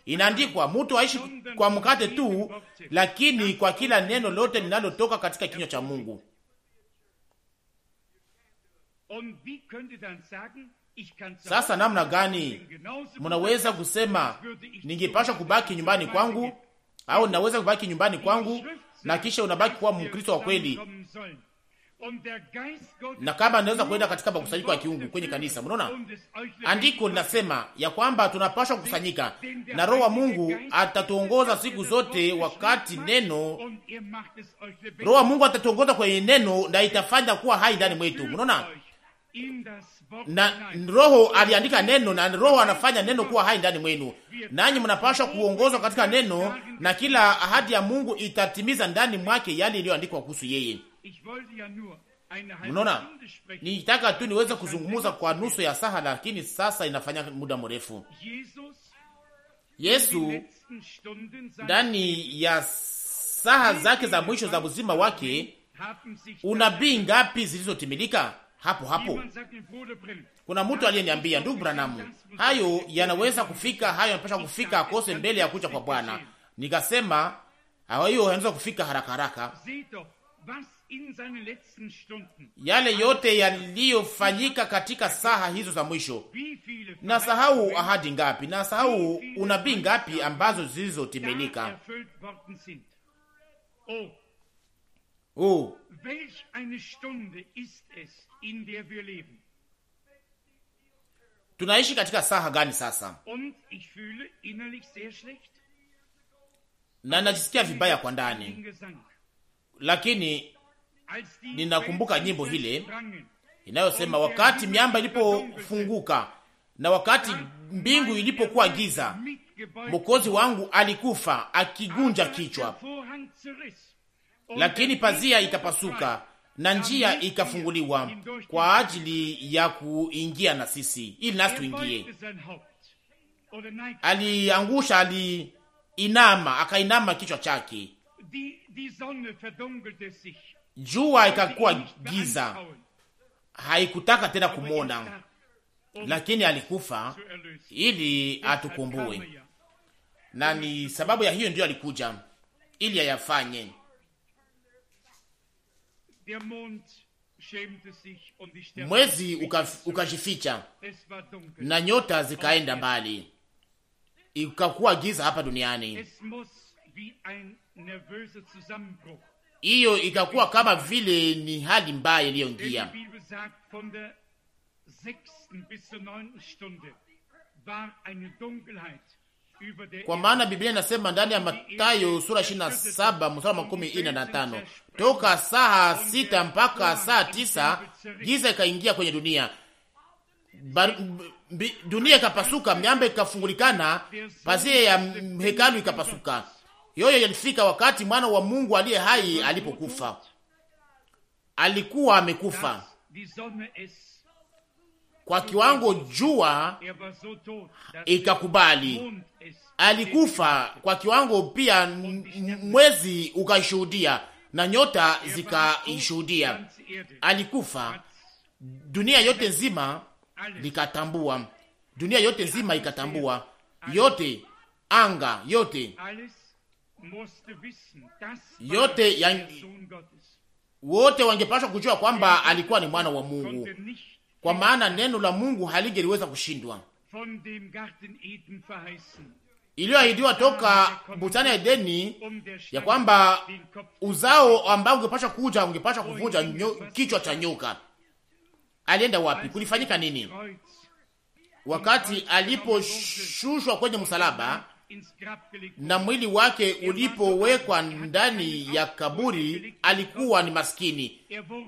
inaandikwa mtu aishi kwa mkate tu, lakini kwa kila neno lote linalotoka katika kinywa cha Mungu. Sasa namna gani mnaweza kusema ningepashwa kubaki nyumbani kwangu au ninaweza kubaki nyumbani kwangu, na kisha unabaki kuwa Mkristo wa kweli? Na kama naweza kuenda katika makusanyiko ya kiungu kwenye kanisa, mnaona andiko linasema ya kwamba tunapashwa kukusanyika na Roho wa Mungu atatuongoza siku zote, wakati neno Roho wa Mungu atatuongoza kwenye neno na itafanya kuwa hai ndani mwetu. Mnaona na Roho aliandika neno na Roho anafanya neno kuwa hai ndani mwenu, nanyi mnapashwa kuongozwa katika neno, na kila ahadi ya Mungu itatimiza ndani mwake yale iliyoandikwa kuhusu yeye. Mnaona, nitaka tu niweze kuzungumza kwa nusu ya saha, lakini sasa inafanya muda mrefu. Yesu ndani ya saha zake za mwisho za uzima wake, unabii ngapi zilizotimilika? hapo hapo. Kuna mtu aliyeniambia, ndugu Branamu, hayo yanaweza kufika, hayo yanapasha kufika akose mbele ya kucha kwa Bwana. Nikasema hiyo yanaweza kufika haraka haraka. Yale yote yaliyofanyika katika saha hizo za mwisho, na sahau ahadi ngapi, na sahau unabii ngapi ambazo zilizotimilika. Oh. Welch eine Stunde ist es, in der wir leben. Tunaishi katika saha gani sasa? Und ich fühle innerlich sehr schlecht. Na najisikia vibaya kwa ndani. Lakini ninakumbuka nyimbo hile inayosema wakati miamba ilipofunguka na wakati mbingu ilipokuwa giza, mokozi wangu alikufa akigunja kichwa lakini pazia ikapasuka na njia ikafunguliwa kwa ajili ya kuingia na sisi, ili nasi tuingie. Aliangusha, aliinama, akainama kichwa chake, jua ikakuwa giza, haikutaka tena kumwona, um lakini alikufa ili atukomboe, na ni sababu ya hiyo ndiyo alikuja ili ayafanye mwezi ukajificha na nyota zikaenda mbali, ikakuwa giza hapa duniani. Hiyo ikakuwa kama vile ni hali mbaya iliyoingia. Kwa maana Biblia inasema ndani ya Mathayo sura 27 mstari makumi ine na tano toka saa sita mpaka saa tisa giza ikaingia kwenye dunia ba, B dunia ikapasuka, miamba ikafungulikana, pazia ya hekalu ikapasuka. Yoyo yalifika wakati mwana wa Mungu aliye hai alipokufa. Alikuwa amekufa, kwa kiwango jua ikakubali. Alikufa kwa kiwango pia, mwezi ukaishuhudia na nyota zikaishuhudia. Alikufa, dunia yote nzima likatambua, dunia yote nzima ikatambua, yote anga yote yote, yani wote wangepashwa kujua kwamba alikuwa ni mwana wa Mungu kwa maana neno la Mungu halingeliweza kushindwa, iliyoahidiwa toka bustani ya Edeni um ya kwamba uzao ambao ungepasha kuja ungepasha kuvunja kichwa cha nyoka. Alienda wapi? Kulifanyika nini wakati aliposhushwa kwenye msalaba? na mwili wake ulipowekwa ndani ya kaburi alikuwa ni maskini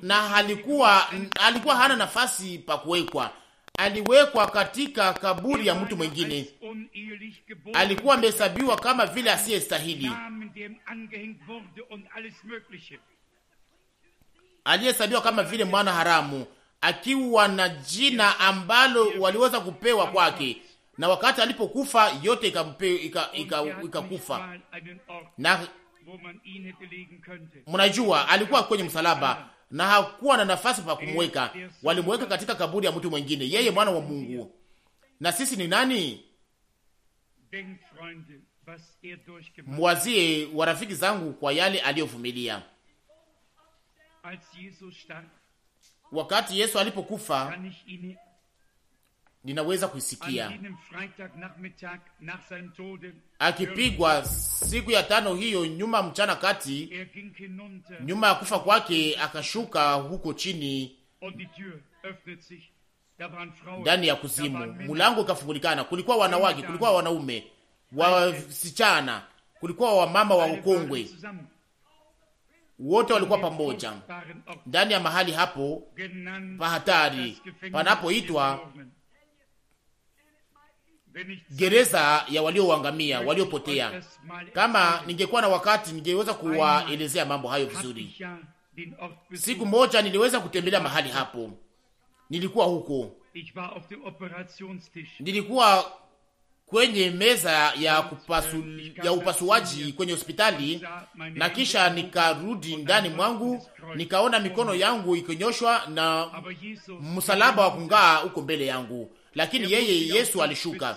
na alikuwa, alikuwa hana nafasi pa kuwekwa. Aliwekwa katika kaburi ya mtu mwingine, alikuwa amehesabiwa kama vile asiyestahili, aliyehesabiwa kama vile mwana haramu, akiwa na jina ambalo waliweza kupewa kwake na wakati alipokufa yote er ikakufa ika, ika, ika na mnajua alikuwa kwenye msalaba na hakuwa na nafasi pa er kumweka, walimweka katika kaburi ya mtu mwengine, yeye mwana wa Mungu. Na sisi ni nani? Er Mwazie warafiki zangu kwa yale aliyovumilia. Wakati Yesu alipokufa, ninaweza kuisikia akipigwa siku ya tano hiyo, nyuma mchana kati, er nyuma ya kufa kwake, akashuka huko chini ndani ya kuzimu. mulango ikafungulikana. kulikuwa wanawake, kulikuwa wanaume, wasichana, kulikuwa wamama wa ukongwe, wote walikuwa pamoja ndani ya mahali hapo pahatari panapoitwa gereza ya walioangamia, waliopotea. Kama ningekuwa na wakati, ningeweza kuwaelezea mambo hayo vizuri. Siku moja niliweza kutembelea mahali hapo, nilikuwa huko, nilikuwa kwenye meza ya, kupasu, ya upasuaji kwenye hospitali, na kisha nikarudi ndani mwangu, nikaona mikono yangu ikinyoshwa na msalaba wa kung'aa huko mbele yangu lakini yeye Yesu alishuka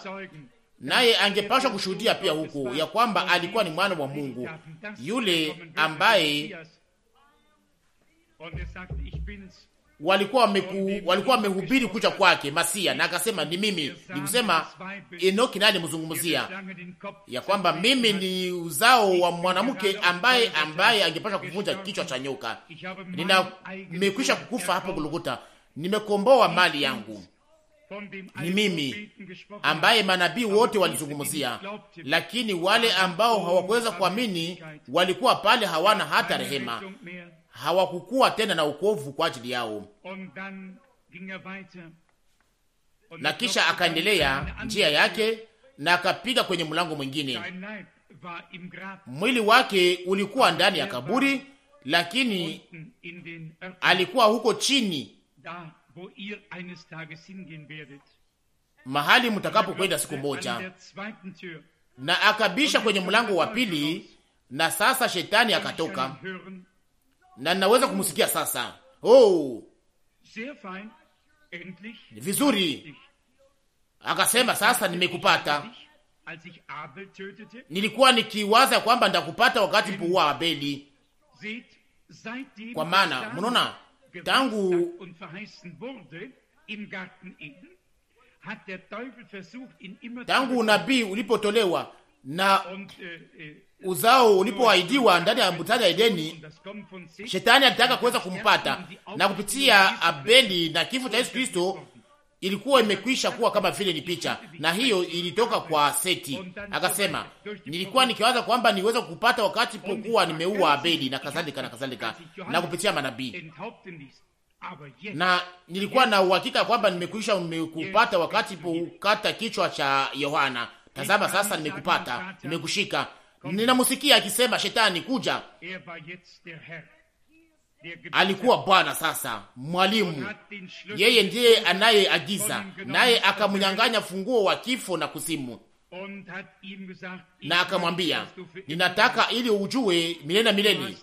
naye angepashwa kushuhudia pia huko ya kwamba alikuwa ni mwana wa Mungu yule ambaye er walikuwa wameku, walikuwa wamehubiri kucha kwake Masia, na akasema ni mimi. Ni kusema Enoki naye alimzungumzia ya kwamba mimi ni uzao wa mwanamke ambaye ambaye angepasha kuvunja kichwa cha nyoka. Nimekwisha kukufa hapo Golgotha, nimekomboa mali yangu ni mimi ambaye manabii wote walizungumzia, lakini wale ambao hawakuweza kuamini walikuwa pale, hawana hata rehema, hawakukuwa tena na ukovu kwa ajili yao. Na kisha akaendelea njia yake na akapiga kwenye mlango mwingine. Mwili wake ulikuwa ndani ya kaburi, lakini alikuwa huko chini mahali mtakapokwenda siku moja. Na akabisha kwenye mlango wa pili, na sasa shetani akatoka, na ninaweza kumsikia sasa. Oh, vizuri. Akasema, sasa er nimekupata. Nilikuwa nikiwaza kwamba ndakupata wakati mpuua Abeli, kwa maana mnaona tangu tangu unabii ulipotolewa na äh, äh, uzao ulipoahidiwa ndani ya bustani ya Edeni, shetani alitaka kuweza kumpata um na kupitia Abeli na kifo cha Yesu Kristo ilikuwa imekwisha kuwa kama vile ni picha, na hiyo ilitoka kwa Seti. Akasema, nilikuwa nikiwaza kwamba niweza kupata wakati pokuwa nimeua Abeli na kadhalika na kadhalika, na kupitia manabii, na nilikuwa na uhakika kwamba nimekwisha nimekupata wakati pokata kichwa cha Yohana. Tazama sasa, nimekupata, nimekushika. ninamusikia akisema, Shetani, kuja alikuwa Bwana sasa, mwalimu. Yeye ndiye anayeagiza, naye akamnyang'anya funguo wa kifo na kuzimu, na akamwambia, ninataka ili ujue milele na milele,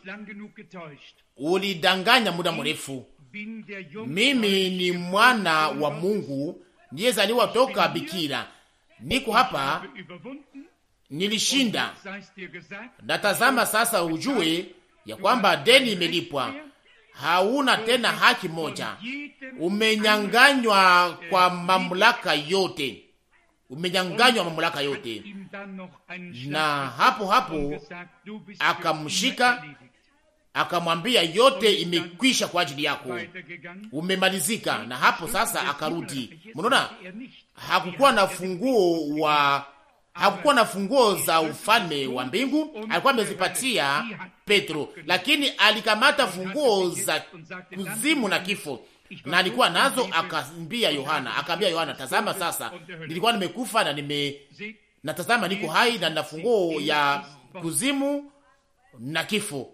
ulidanganya muda mrefu. Mimi ni mwana wa Mungu niyezaliwa toka bikira, niko hapa, nilishinda. Natazama sasa, ujue ya kwamba deni imelipwa hauna tena haki moja, umenyanganywa kwa mamlaka yote, umenyanganywa mamlaka yote. Na hapo hapo akamshika akamwambia, yote imekwisha kwa ajili yako, umemalizika. Na hapo sasa akarudi. Mnaona, hakukuwa na funguo wa hakukuwa na funguo za ufalme wa mbingu, alikuwa amezipatia Petro, lakini alikamata funguo za kuzimu na kifo na alikuwa nazo, akaambia Yohana, akaambia Yohana, tazama sasa nilikuwa nimekufa na nime na tazama niko hai na nina funguo ya kuzimu na kifo.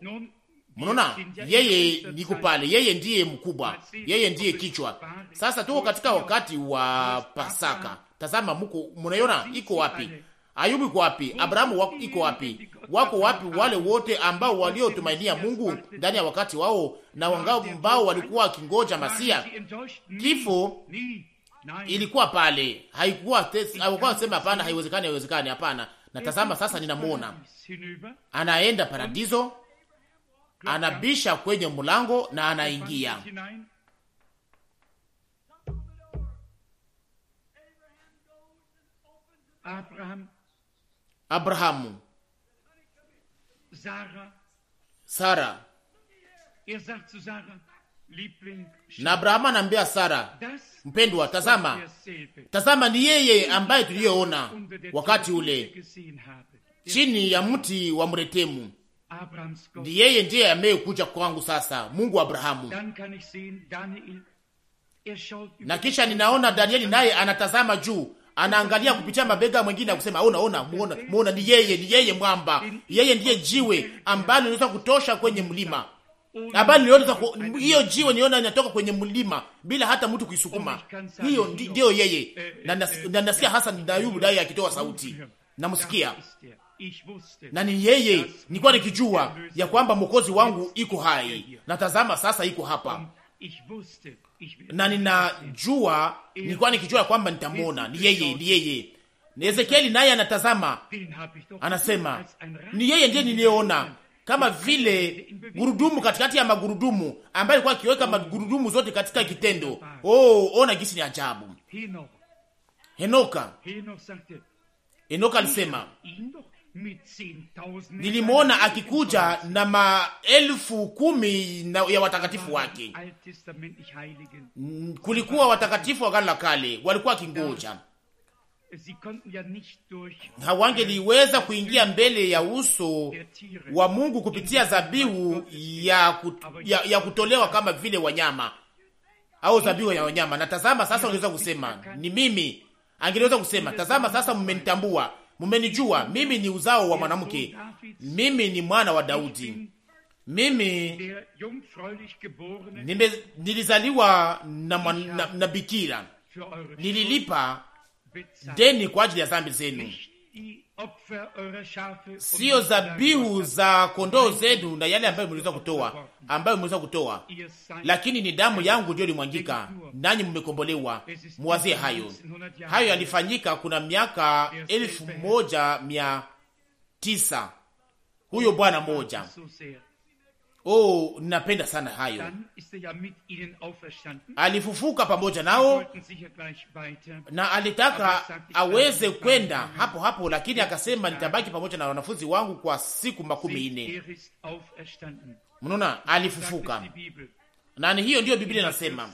Mnaona, yeye niko pale, yeye ndiye mkubwa, yeye ndiye kichwa. Sasa tuko katika wakati wa Pasaka. Tazama, mko mnaiona iko wapi? Ayubu iko wapi? Abrahamu iko wapi? Wako wapi wale wote ambao waliotumainia Mungu ndani ya wakati wao na ambao walikuwa wakingoja Masia? Kifo ilikuwa pale, haikuwa haikuwa sema hapana, haiwezekani, haiwezekani, hapana. Natazama sasa, ninamwona anaenda paradizo anabisha kwenye mlango na anaingia. Abraham Abrahamu, Sara na Abrahamu anaambia Sara, mpendwa, tazama, tazama ni yeye ambaye tuliyoona wakati ule chini ya mti wa mretemu, ni yeye ndiye ameyekuja kwangu. Sasa Mungu wa Abrahamu. Er na kisha ninaona Danieli naye anatazama juu, anaangalia kupitia mabega mwingine akusema, ona ona, muona muona, ni yeye, ni yeye mwamba, yeye ndiye jiwe ambalo linaweza kutosha kwenye mlima, ambalo niliona hiyo jiwe, niona inatoka kwenye mlima bila hata mtu kuisukuma. Hiyo ndiyo yeye, na nasikia hasa ni Dayubu dai akitoa sauti, namsikia na ni yeye. Nilikuwa nikijua ya kwamba mwokozi wangu iko hai, natazama sasa iko hapa na ninajua, nilikuwa nikijua kwamba nitamwona. Ni yeye, ni yeye. Ni Ezekieli naye anatazama, anasema ni yeye ndiye niliyeona, kama vile gurudumu katikati ya magurudumu, ambaye alikuwa akiweka oh. magurudumu zote katika kitendo. Oh, ona gisi ni ajabu. Henoka, Henoka alisema nilimwona akikuja na maelfu kumi na ya watakatifu wake. Mm, kulikuwa watakatifu wa Agano la Kale walikuwa wakingoja, hawangeliweza kuingia mbele ya uso wa Mungu kupitia zabihu ya, kut, ya, ya kutolewa kama vile wanyama au zabihu ya wanyama. Na tazama sasa, angeweza kusema ni mimi, angeliweza kusema tazama sasa, mmenitambua Mumenijua mimi ni uzao wa mwanamke, mimi ni mwana wa Daudi, mimi nime, nilizaliwa na, man, na, na bikira, nililipa deni kwa ajili ya dhambi zenu siyo zabihu za kondoo zenu na yale ambayo mliweza kutoa, ambayo mliweza kutoa, lakini ni damu yangu ndiyo limwangika, nanyi mmekombolewa. Mwazie hayo. Hayo yalifanyika kuna miaka elfu moja mia tisa huyo bwana moja Oh, napenda sana hayo. Er alifufuka pamoja nao na alitaka er aweze kwenda hapo hapo, lakini er akasema nitabaki pamoja na wanafunzi wangu kwa siku makumi nne. Mnaona, alifufuka na ni hiyo ndiyo Biblia inasema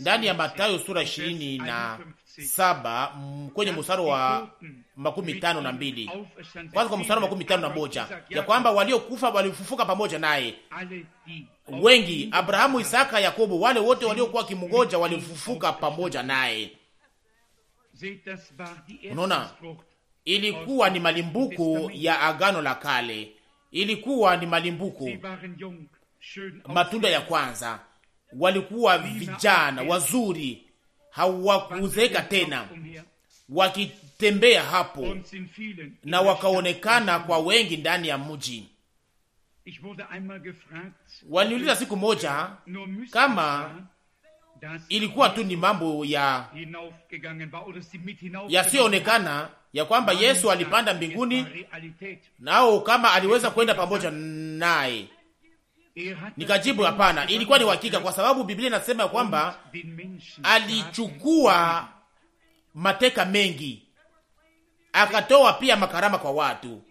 ndani ya Mathayo sura ishirini na saba mm, kwenye mstari wa makumi tano na mbili kwanza kwa mstari wa makumi tano na moja ya kwamba waliokufa walifufuka pamoja naye wengi, Abrahamu, Isaka, Yakobo, wale wote waliokuwa wakimungoja walifufuka pamoja naye. Unaona, ilikuwa ni malimbuku ya agano la kale, ilikuwa ni malimbuku, matunda ya kwanza walikuwa vijana wazuri, hawakuzeeka tena, wakitembea hapo na wakaonekana kwa wengi ndani ya mji. Waniuliza siku moja kama ilikuwa tu ni mambo ya yasiyoonekana ya kwamba Yesu alipanda mbinguni, nao kama aliweza kwenda pamoja naye Nikajibu hapana, ilikuwa ni uhakika, kwa sababu Biblia inasema kwamba alichukua mateka mengi, akatoa pia makarama kwa watu.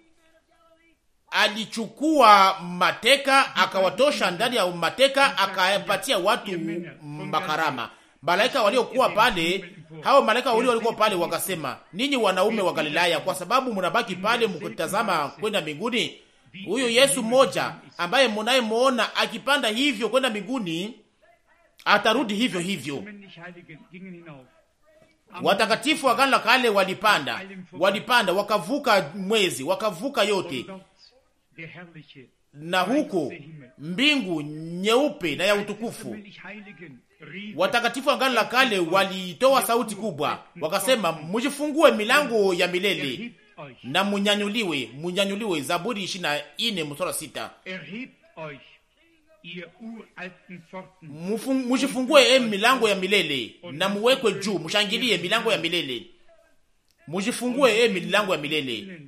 Alichukua mateka akawatosha ndani ya mateka, akapatia watu makarama. Malaika waliokuwa pale, hao malaika wawili walikuwa pale, wakasema, ninyi wanaume wa Galilaya, kwa sababu mnabaki pale mkitazama kwenda mbinguni? huyo Yesu mmoja ambaye mnayemwona akipanda hivyo kwenda mbinguni atarudi hivyo hivyo. Watakatifu wa Agano la Kale walipanda, walipanda wakavuka mwezi, wakavuka yote, na huko mbingu nyeupe na ya utukufu. Watakatifu wa Agano la Kale walitoa sauti kubwa, wakasema, mjifungue milango ya milele na munyanyuliwe, munyanyuliwe. Zaburi ishirini na ine mstari sita. Mushifungue eh, milango ya milele na muwekwe juu, mushangilie milango ya milele, mushifungue eh, milango ya milele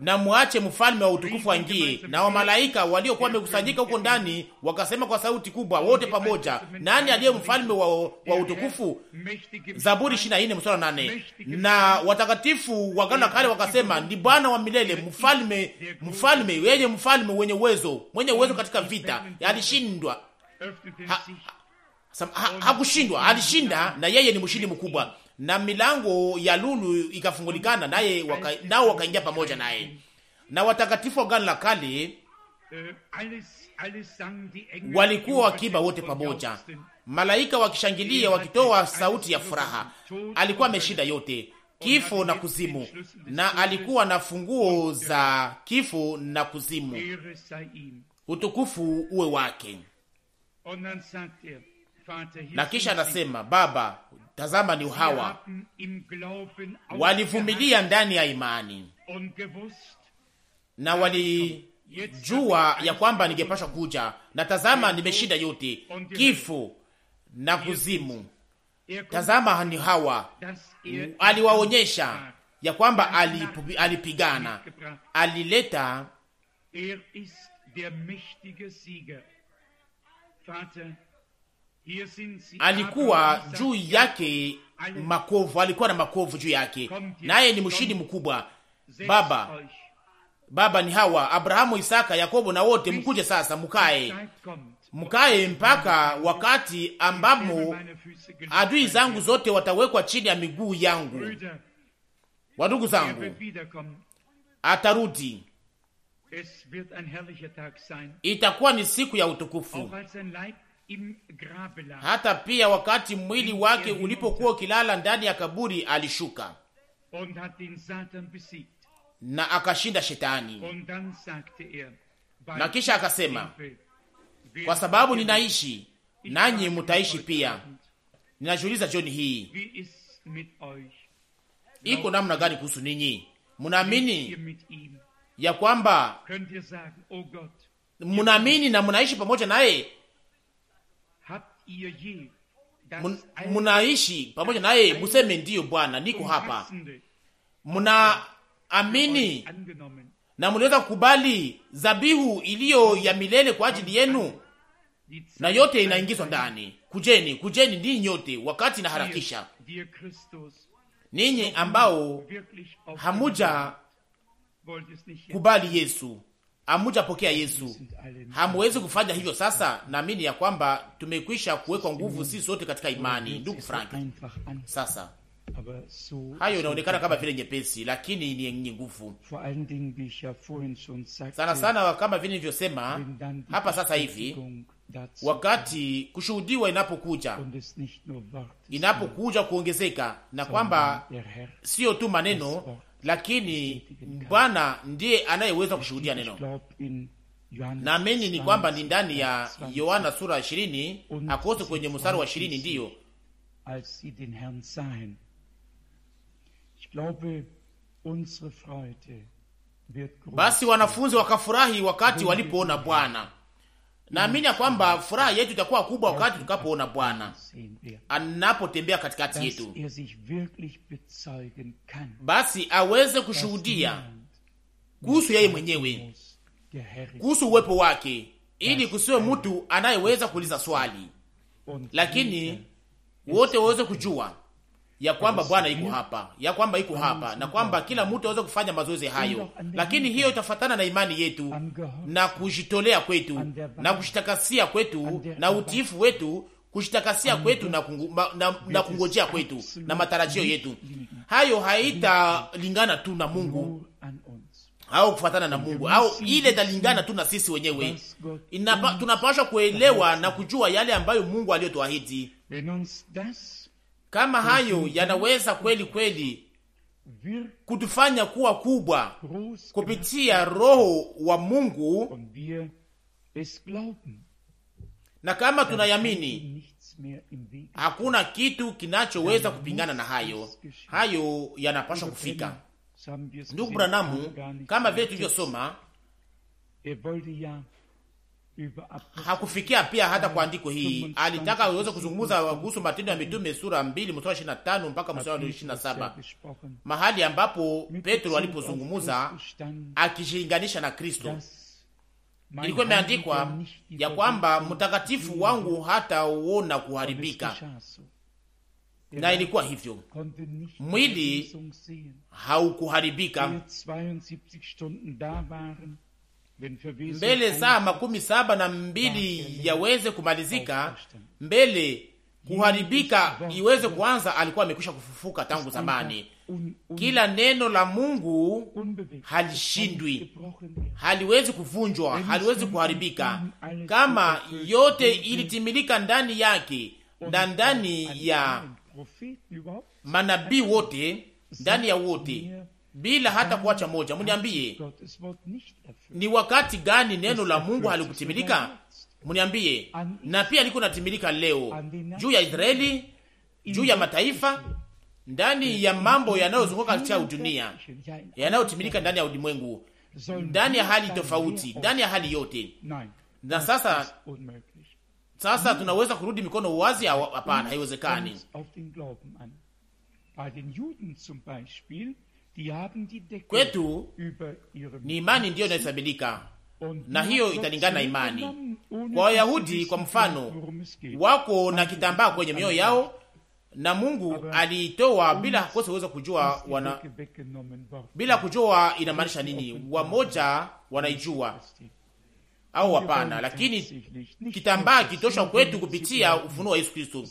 na mwache mfalme wa utukufu wangie Na wamalaika waliokuwa wamekusanyika huko ndani wakasema kwa sauti kubwa wote pamoja, nani aliye mfalme wa, wa utukufu? Zaburi 24 mstari nane. Na watakatifu wa Agano la Kale wakasema ni Bwana wa milele, mfalme mfalme yeye, mfalme wenye uwezo, mwenye uwezo katika vita. Alishindwa ha, ha, ha, hakushindwa, alishinda, na yeye ni mshindi mkubwa na milango ya lulu ikafungulikana naye mm-hmm. waka, nao wakaingia pamoja naye mm-hmm. na watakatifu wa gano la kale uh, walikuwa wakiba wote pamoja, malaika wakishangilia wakitoa sauti ya furaha. Alikuwa ameshinda yote, kifo na kuzimu, na alikuwa na funguo za kifo na kuzimu. Utukufu uwe wake. Na kisha anasema Baba, Tazama ni hawa walivumilia ndani ya imani na walijua ya kwamba ningepashwa kuja, na tazama nimeshinda yote, kifo na kuzimu. Tazama ni hawa aliwaonyesha ya kwamba alipigana, alileta alikuwa juu yake makovu, alikuwa na makovu juu yake, naye ni mshindi mkubwa. Baba, baba ni hawa Abrahamu, Isaka, Yakobo na wote, mkuje sasa, mkae mkae mpaka wakati ambamo adui zangu zote watawekwa chini ya miguu yangu. Wadugu zangu, atarudi, itakuwa ni siku ya utukufu hata pia wakati mwili wake ulipokuwa ukilala ndani ya kaburi alishuka na akashinda shetani. Na kisha akasema, kwa sababu ninaishi nanyi mutaishi pia. Ninajiuliza jioni hii, iko namna gani kuhusu ninyi? Munaamini ya kwamba munaamini na munaishi pamoja naye munaishi pamoja naye, museme ndiyo Bwana, niko hapa. Mnaamini na muliweza kukubali zabihu iliyo ya milele kwa ajili yenu, na yote inaingizwa ndani. Kujeni, kujeni ninyi nyote, wakati harakisha, Ninyi ambao hamuja kubali Yesu hamujapokea Yesu, hamuwezi kufanya hivyo. Sasa naamini ya kwamba tumekwisha kuwekwa nguvu sisi sote katika imani. Ndugu Frank, sasa hayo inaonekana kama vile nyepesi, lakini ni yenye nguvu sana sana, kama vile nilivyosema hapa sasa hivi wakati kushuhudiwa inapokuja inapokuja kuongezeka, na kwamba siyo tu maneno lakini Bwana ndiye anayeweza kushuhudia neno. Naamini ni kwamba ni ndani ya Yohana sura ishirini akose kwenye mstari wa ishirini ndiyo basi wanafunzi wakafurahi wakati walipoona Bwana. Naamini ya kwamba furaha yetu itakuwa kubwa wakati tukapoona Bwana anapotembea katikati yetu, er basi aweze kushuhudia kuhusu yeye mwenyewe, kuhusu uwepo wake, ili kusiwe er mtu anayeweza kuuliza swali, lakini wote waweze kujua ya kwamba Bwana iko hapa, ya kwamba iko hapa, na kwamba kila mtu aweze kufanya mazoezi hayo, lakini hiyo itafatana na imani yetu na kujitolea kwetu na kushitakasia kwetu na utiifu wetu kushitakasia kwetu na, kungu, ma, na, na kungojea kwetu na matarajio yetu. Hayo haitalingana tu na Mungu au kufuatana na Mungu au ile italingana tu na sisi wenyewe. Tunapaswa kuelewa na kujua yale ambayo Mungu aliyotuahidi kama hayo yanaweza kweli kweli kutufanya kuwa kubwa kupitia Roho wa Mungu, na kama tunayamini, hakuna kitu kinachoweza kupingana na hayo. Hayo yanapaswa kufika, ndugu Branamu, kama vile tulivyosoma hakufikia pia hata kwa andiko hii. Alitaka aweze kuzungumza kuhusu Matendo ya Mitume sura mbili mstari ishirini na tano mpaka mstari ishirini na saba mahali ambapo Petro alipozungumuza akishilinganisha na Kristo. Ilikuwa imeandikwa ya kwamba mtakatifu wangu hata uona kuharibika, na ilikuwa hivyo. Mwili haukuharibika mbele saa makumi saba na mbili yaweze kumalizika, mbele kuharibika iweze kuanza, alikuwa amekwisha kufufuka tangu zamani. Kila neno la Mungu halishindwi, haliwezi kuvunjwa, haliwezi kuharibika. Kama yote ilitimilika ndani yake na ndani ya manabii wote, ndani ya wote, bila hata kuacha moja, mniambie ni wakati gani neno la Mungu halikutimilika? Mniambie. Na pia liko natimilika leo juu ya Israeli, juu ya mataifa, ndani ya mambo yanayozunguka katika dunia, yanayotimilika ndani ya ulimwengu, ndani ya hali tofauti, ndani ya hali yote. Na sasa sasa tunaweza kurudi mikono wazi? Hapana, haiwezekani. Kwetu ni imani ndiyo inahesabilika, na hiyo italingana na imani. Kwa Wayahudi kwa mfano, yaani, wako na kitambaa kwenye mioyo yao na Mungu aliitoa bila kosa uweza kujua wana, bila kujua inamaanisha nini. Wamoja wanaijua au hapana, lakini kitambaa kitosha kwetu kupitia ufunuo wa Yesu Kristo.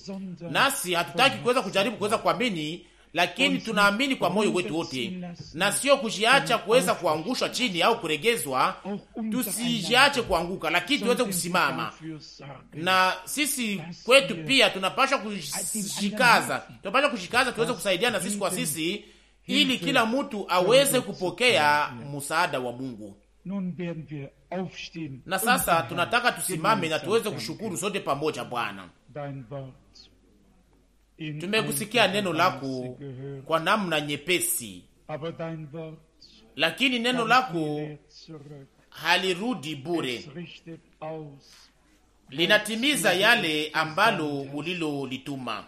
Nasi hatutaki kuweza kujaribu kuweza kuamini lakini tunaamini kwa moyo wetu wote na sio kujiacha kuweza kuangushwa chini au kuregezwa. Tusijiache kuanguka, lakini tuweze kusimama. Na sisi kwetu pia tunapasha kushikaza, tunapasha kushikaza, tuweze kusaidiana sisi kwa sisi, ili kila mtu aweze kupokea msaada wa Mungu. Na sasa tunataka tusimame na tuweze kushukuru sote pamoja, Bwana Tumekusikia neno lako kwa namna nyepesi, lakini neno lako halirudi bure, linatimiza yale ambalo ulilolituma.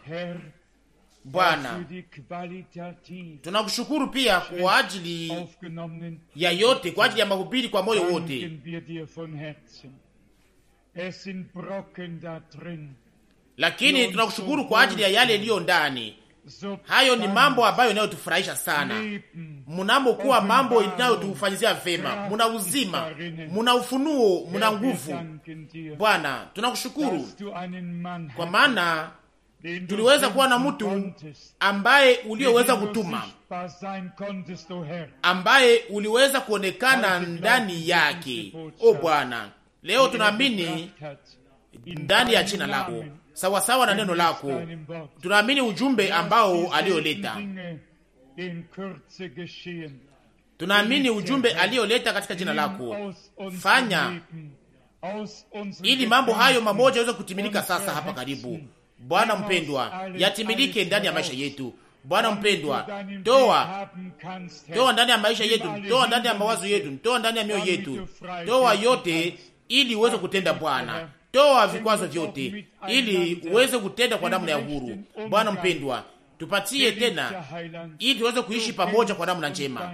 Bwana, tunakushukuru pia kwa ajili ya yote, kwa ajili ya mahubiri kwa moyo wote lakini tunakushukuru kwa ajili ya yale yaliyo ndani. Hayo ni mambo ambayo inayotufurahisha sana, munamokuwa mambo inayotufanyizia vema. Muna uzima, muna ufunuo, muna nguvu. Bwana, tunakushukuru kwa maana tuliweza kuwa na mtu ambaye ulioweza kutuma, ambaye uliweza kuonekana ndani yake. O oh, Bwana, leo tunaamini ndani ya jina lako sawasawa na neno lako. Tunaamini ujumbe ambao alioleta, tunaamini ujumbe alioleta katika jina lako. Fanya ili mambo hayo mamoja yaweze kutimilika sasa hapa karibu. Bwana mpendwa, yatimilike ndani ya maisha yetu. Bwana mpendwa, toa toa ndani ya maisha yetu, toa ndani ya mawazo yetu, toa ndani ya mioyo yetu, toa yote ili uweze kutenda Bwana toa vikwazo vyote ili uweze kutenda kwa namna ya uhuru. Bwana mpendwa, tupatie tena ili tuweze kuishi pamoja kwa namna njema,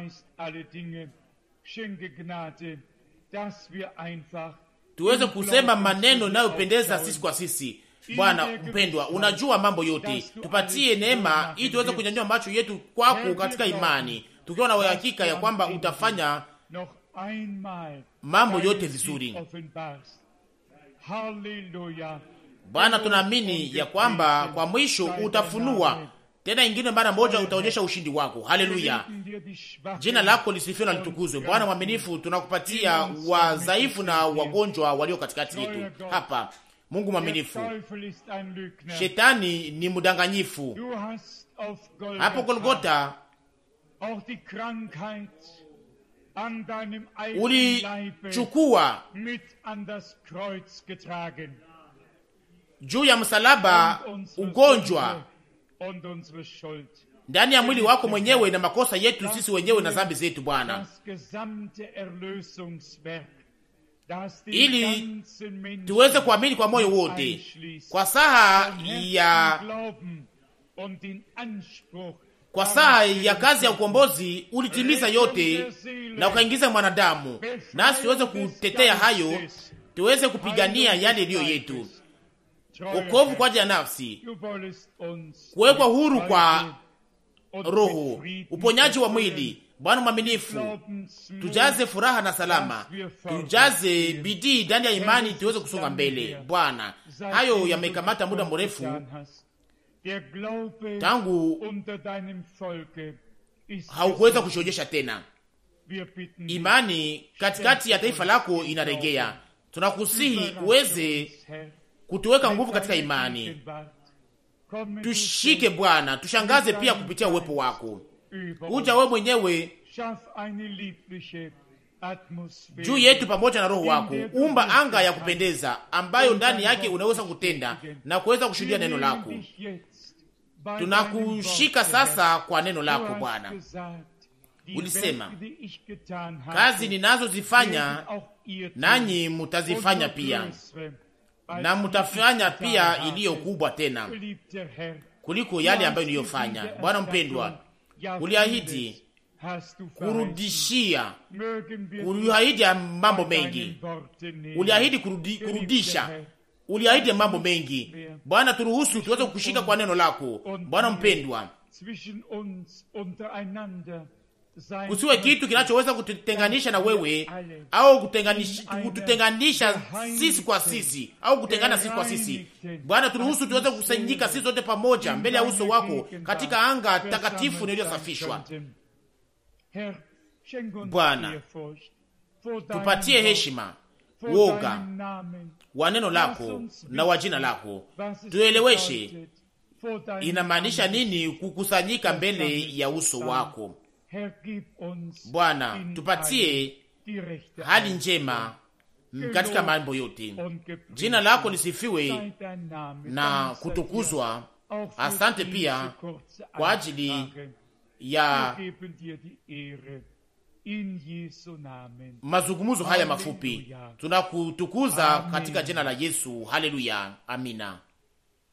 tuweze kusema maneno yanayopendeza sisi kwa sisi. Bwana mpendwa, unajua mambo yote, tupatie neema ili tuweze kunyanyua macho yetu kwako katika imani, tukiwa na uhakika ya kwamba utafanya mambo yote vizuri. Bwana, tunaamini ya kwamba kwa mwisho utafunua tena ingine mara moja, utaonyesha ushindi wako. Haleluya, jina lako lisifiwe na litukuzwe. Bwana mwaminifu, tunakupatia wadhaifu na wagonjwa walio katikati yetu hapa. Mungu mwaminifu, shetani ni mdanganyifu. Hapo Golgota ulichukua juu ya msalaba ugonjwa ndani ya mwili wako mwenyewe na makosa yetu sisi wenyewe na zambi zetu, Bwana, ili tuweze kuamini kwa moyo wote kwa saha ya kwa saa ya kazi ya ukombozi ulitimiza yote na ukaingiza mwanadamu, nasi tuweze kutetea hayo, tuweze kupigania yale iliyo yetu, wokovu kwa ajili ya nafsi, kuwekwa huru kwa roho, uponyaji wa mwili. Bwana mwaminifu, tujaze furaha na salama, tujaze bidii ndani ya imani, tuweze kusonga mbele. Bwana, hayo yamekamata muda mrefu tangu haukuweza kushojesha tena. Imani katikati ya taifa lako inaregea. Tunakusihi uweze kutuweka nguvu katika imani, tushike Bwana, tushangaze pia kupitia uwepo wako. Uja wewe mwenyewe juu yetu pamoja na Roho wako, umba anga ya kupendeza ambayo ndani yake unaweza kutenda na kuweza kushuhudia neno lako. Tunakushika sasa kwa neno lako Bwana. Ulisema kazi ninazozifanya nanyi mutazifanya pia, na mutafanya pia iliyo kubwa tena kuliko yale ambayo niliyofanya. Bwana mpendwa, uliahidi kurudishia, uliahidi mambo mengi, uliahidi kurudi, kurudisha uliahidi mambo mengi Bwana, turuhusu tuweze kushika kwa neno lako Bwana mpendwa, kusiwe kitu kinachoweza kututenganisha na wewe au kututenganisha sisi kwa sisi au kutengana sisi kwa sisi. Bwana, turuhusu tuweze kusanyika sisi zote pamoja mbele ya uso wako katika anga takatifu niliyosafishwa. Bwana, tupatie heshima, woga wa neno lako na wa jina lako. Tueleweshe inamaanisha nini kukusanyika mbele ya uso wako. Bwana, tupatie hali njema mm, katika mambo yote. Jina lako lisifiwe na kutukuzwa. Asante pia kwa ajili ya mazungumzo haya mafupi. Tunakutukuza katika jina la Yesu. Haleluya, amina.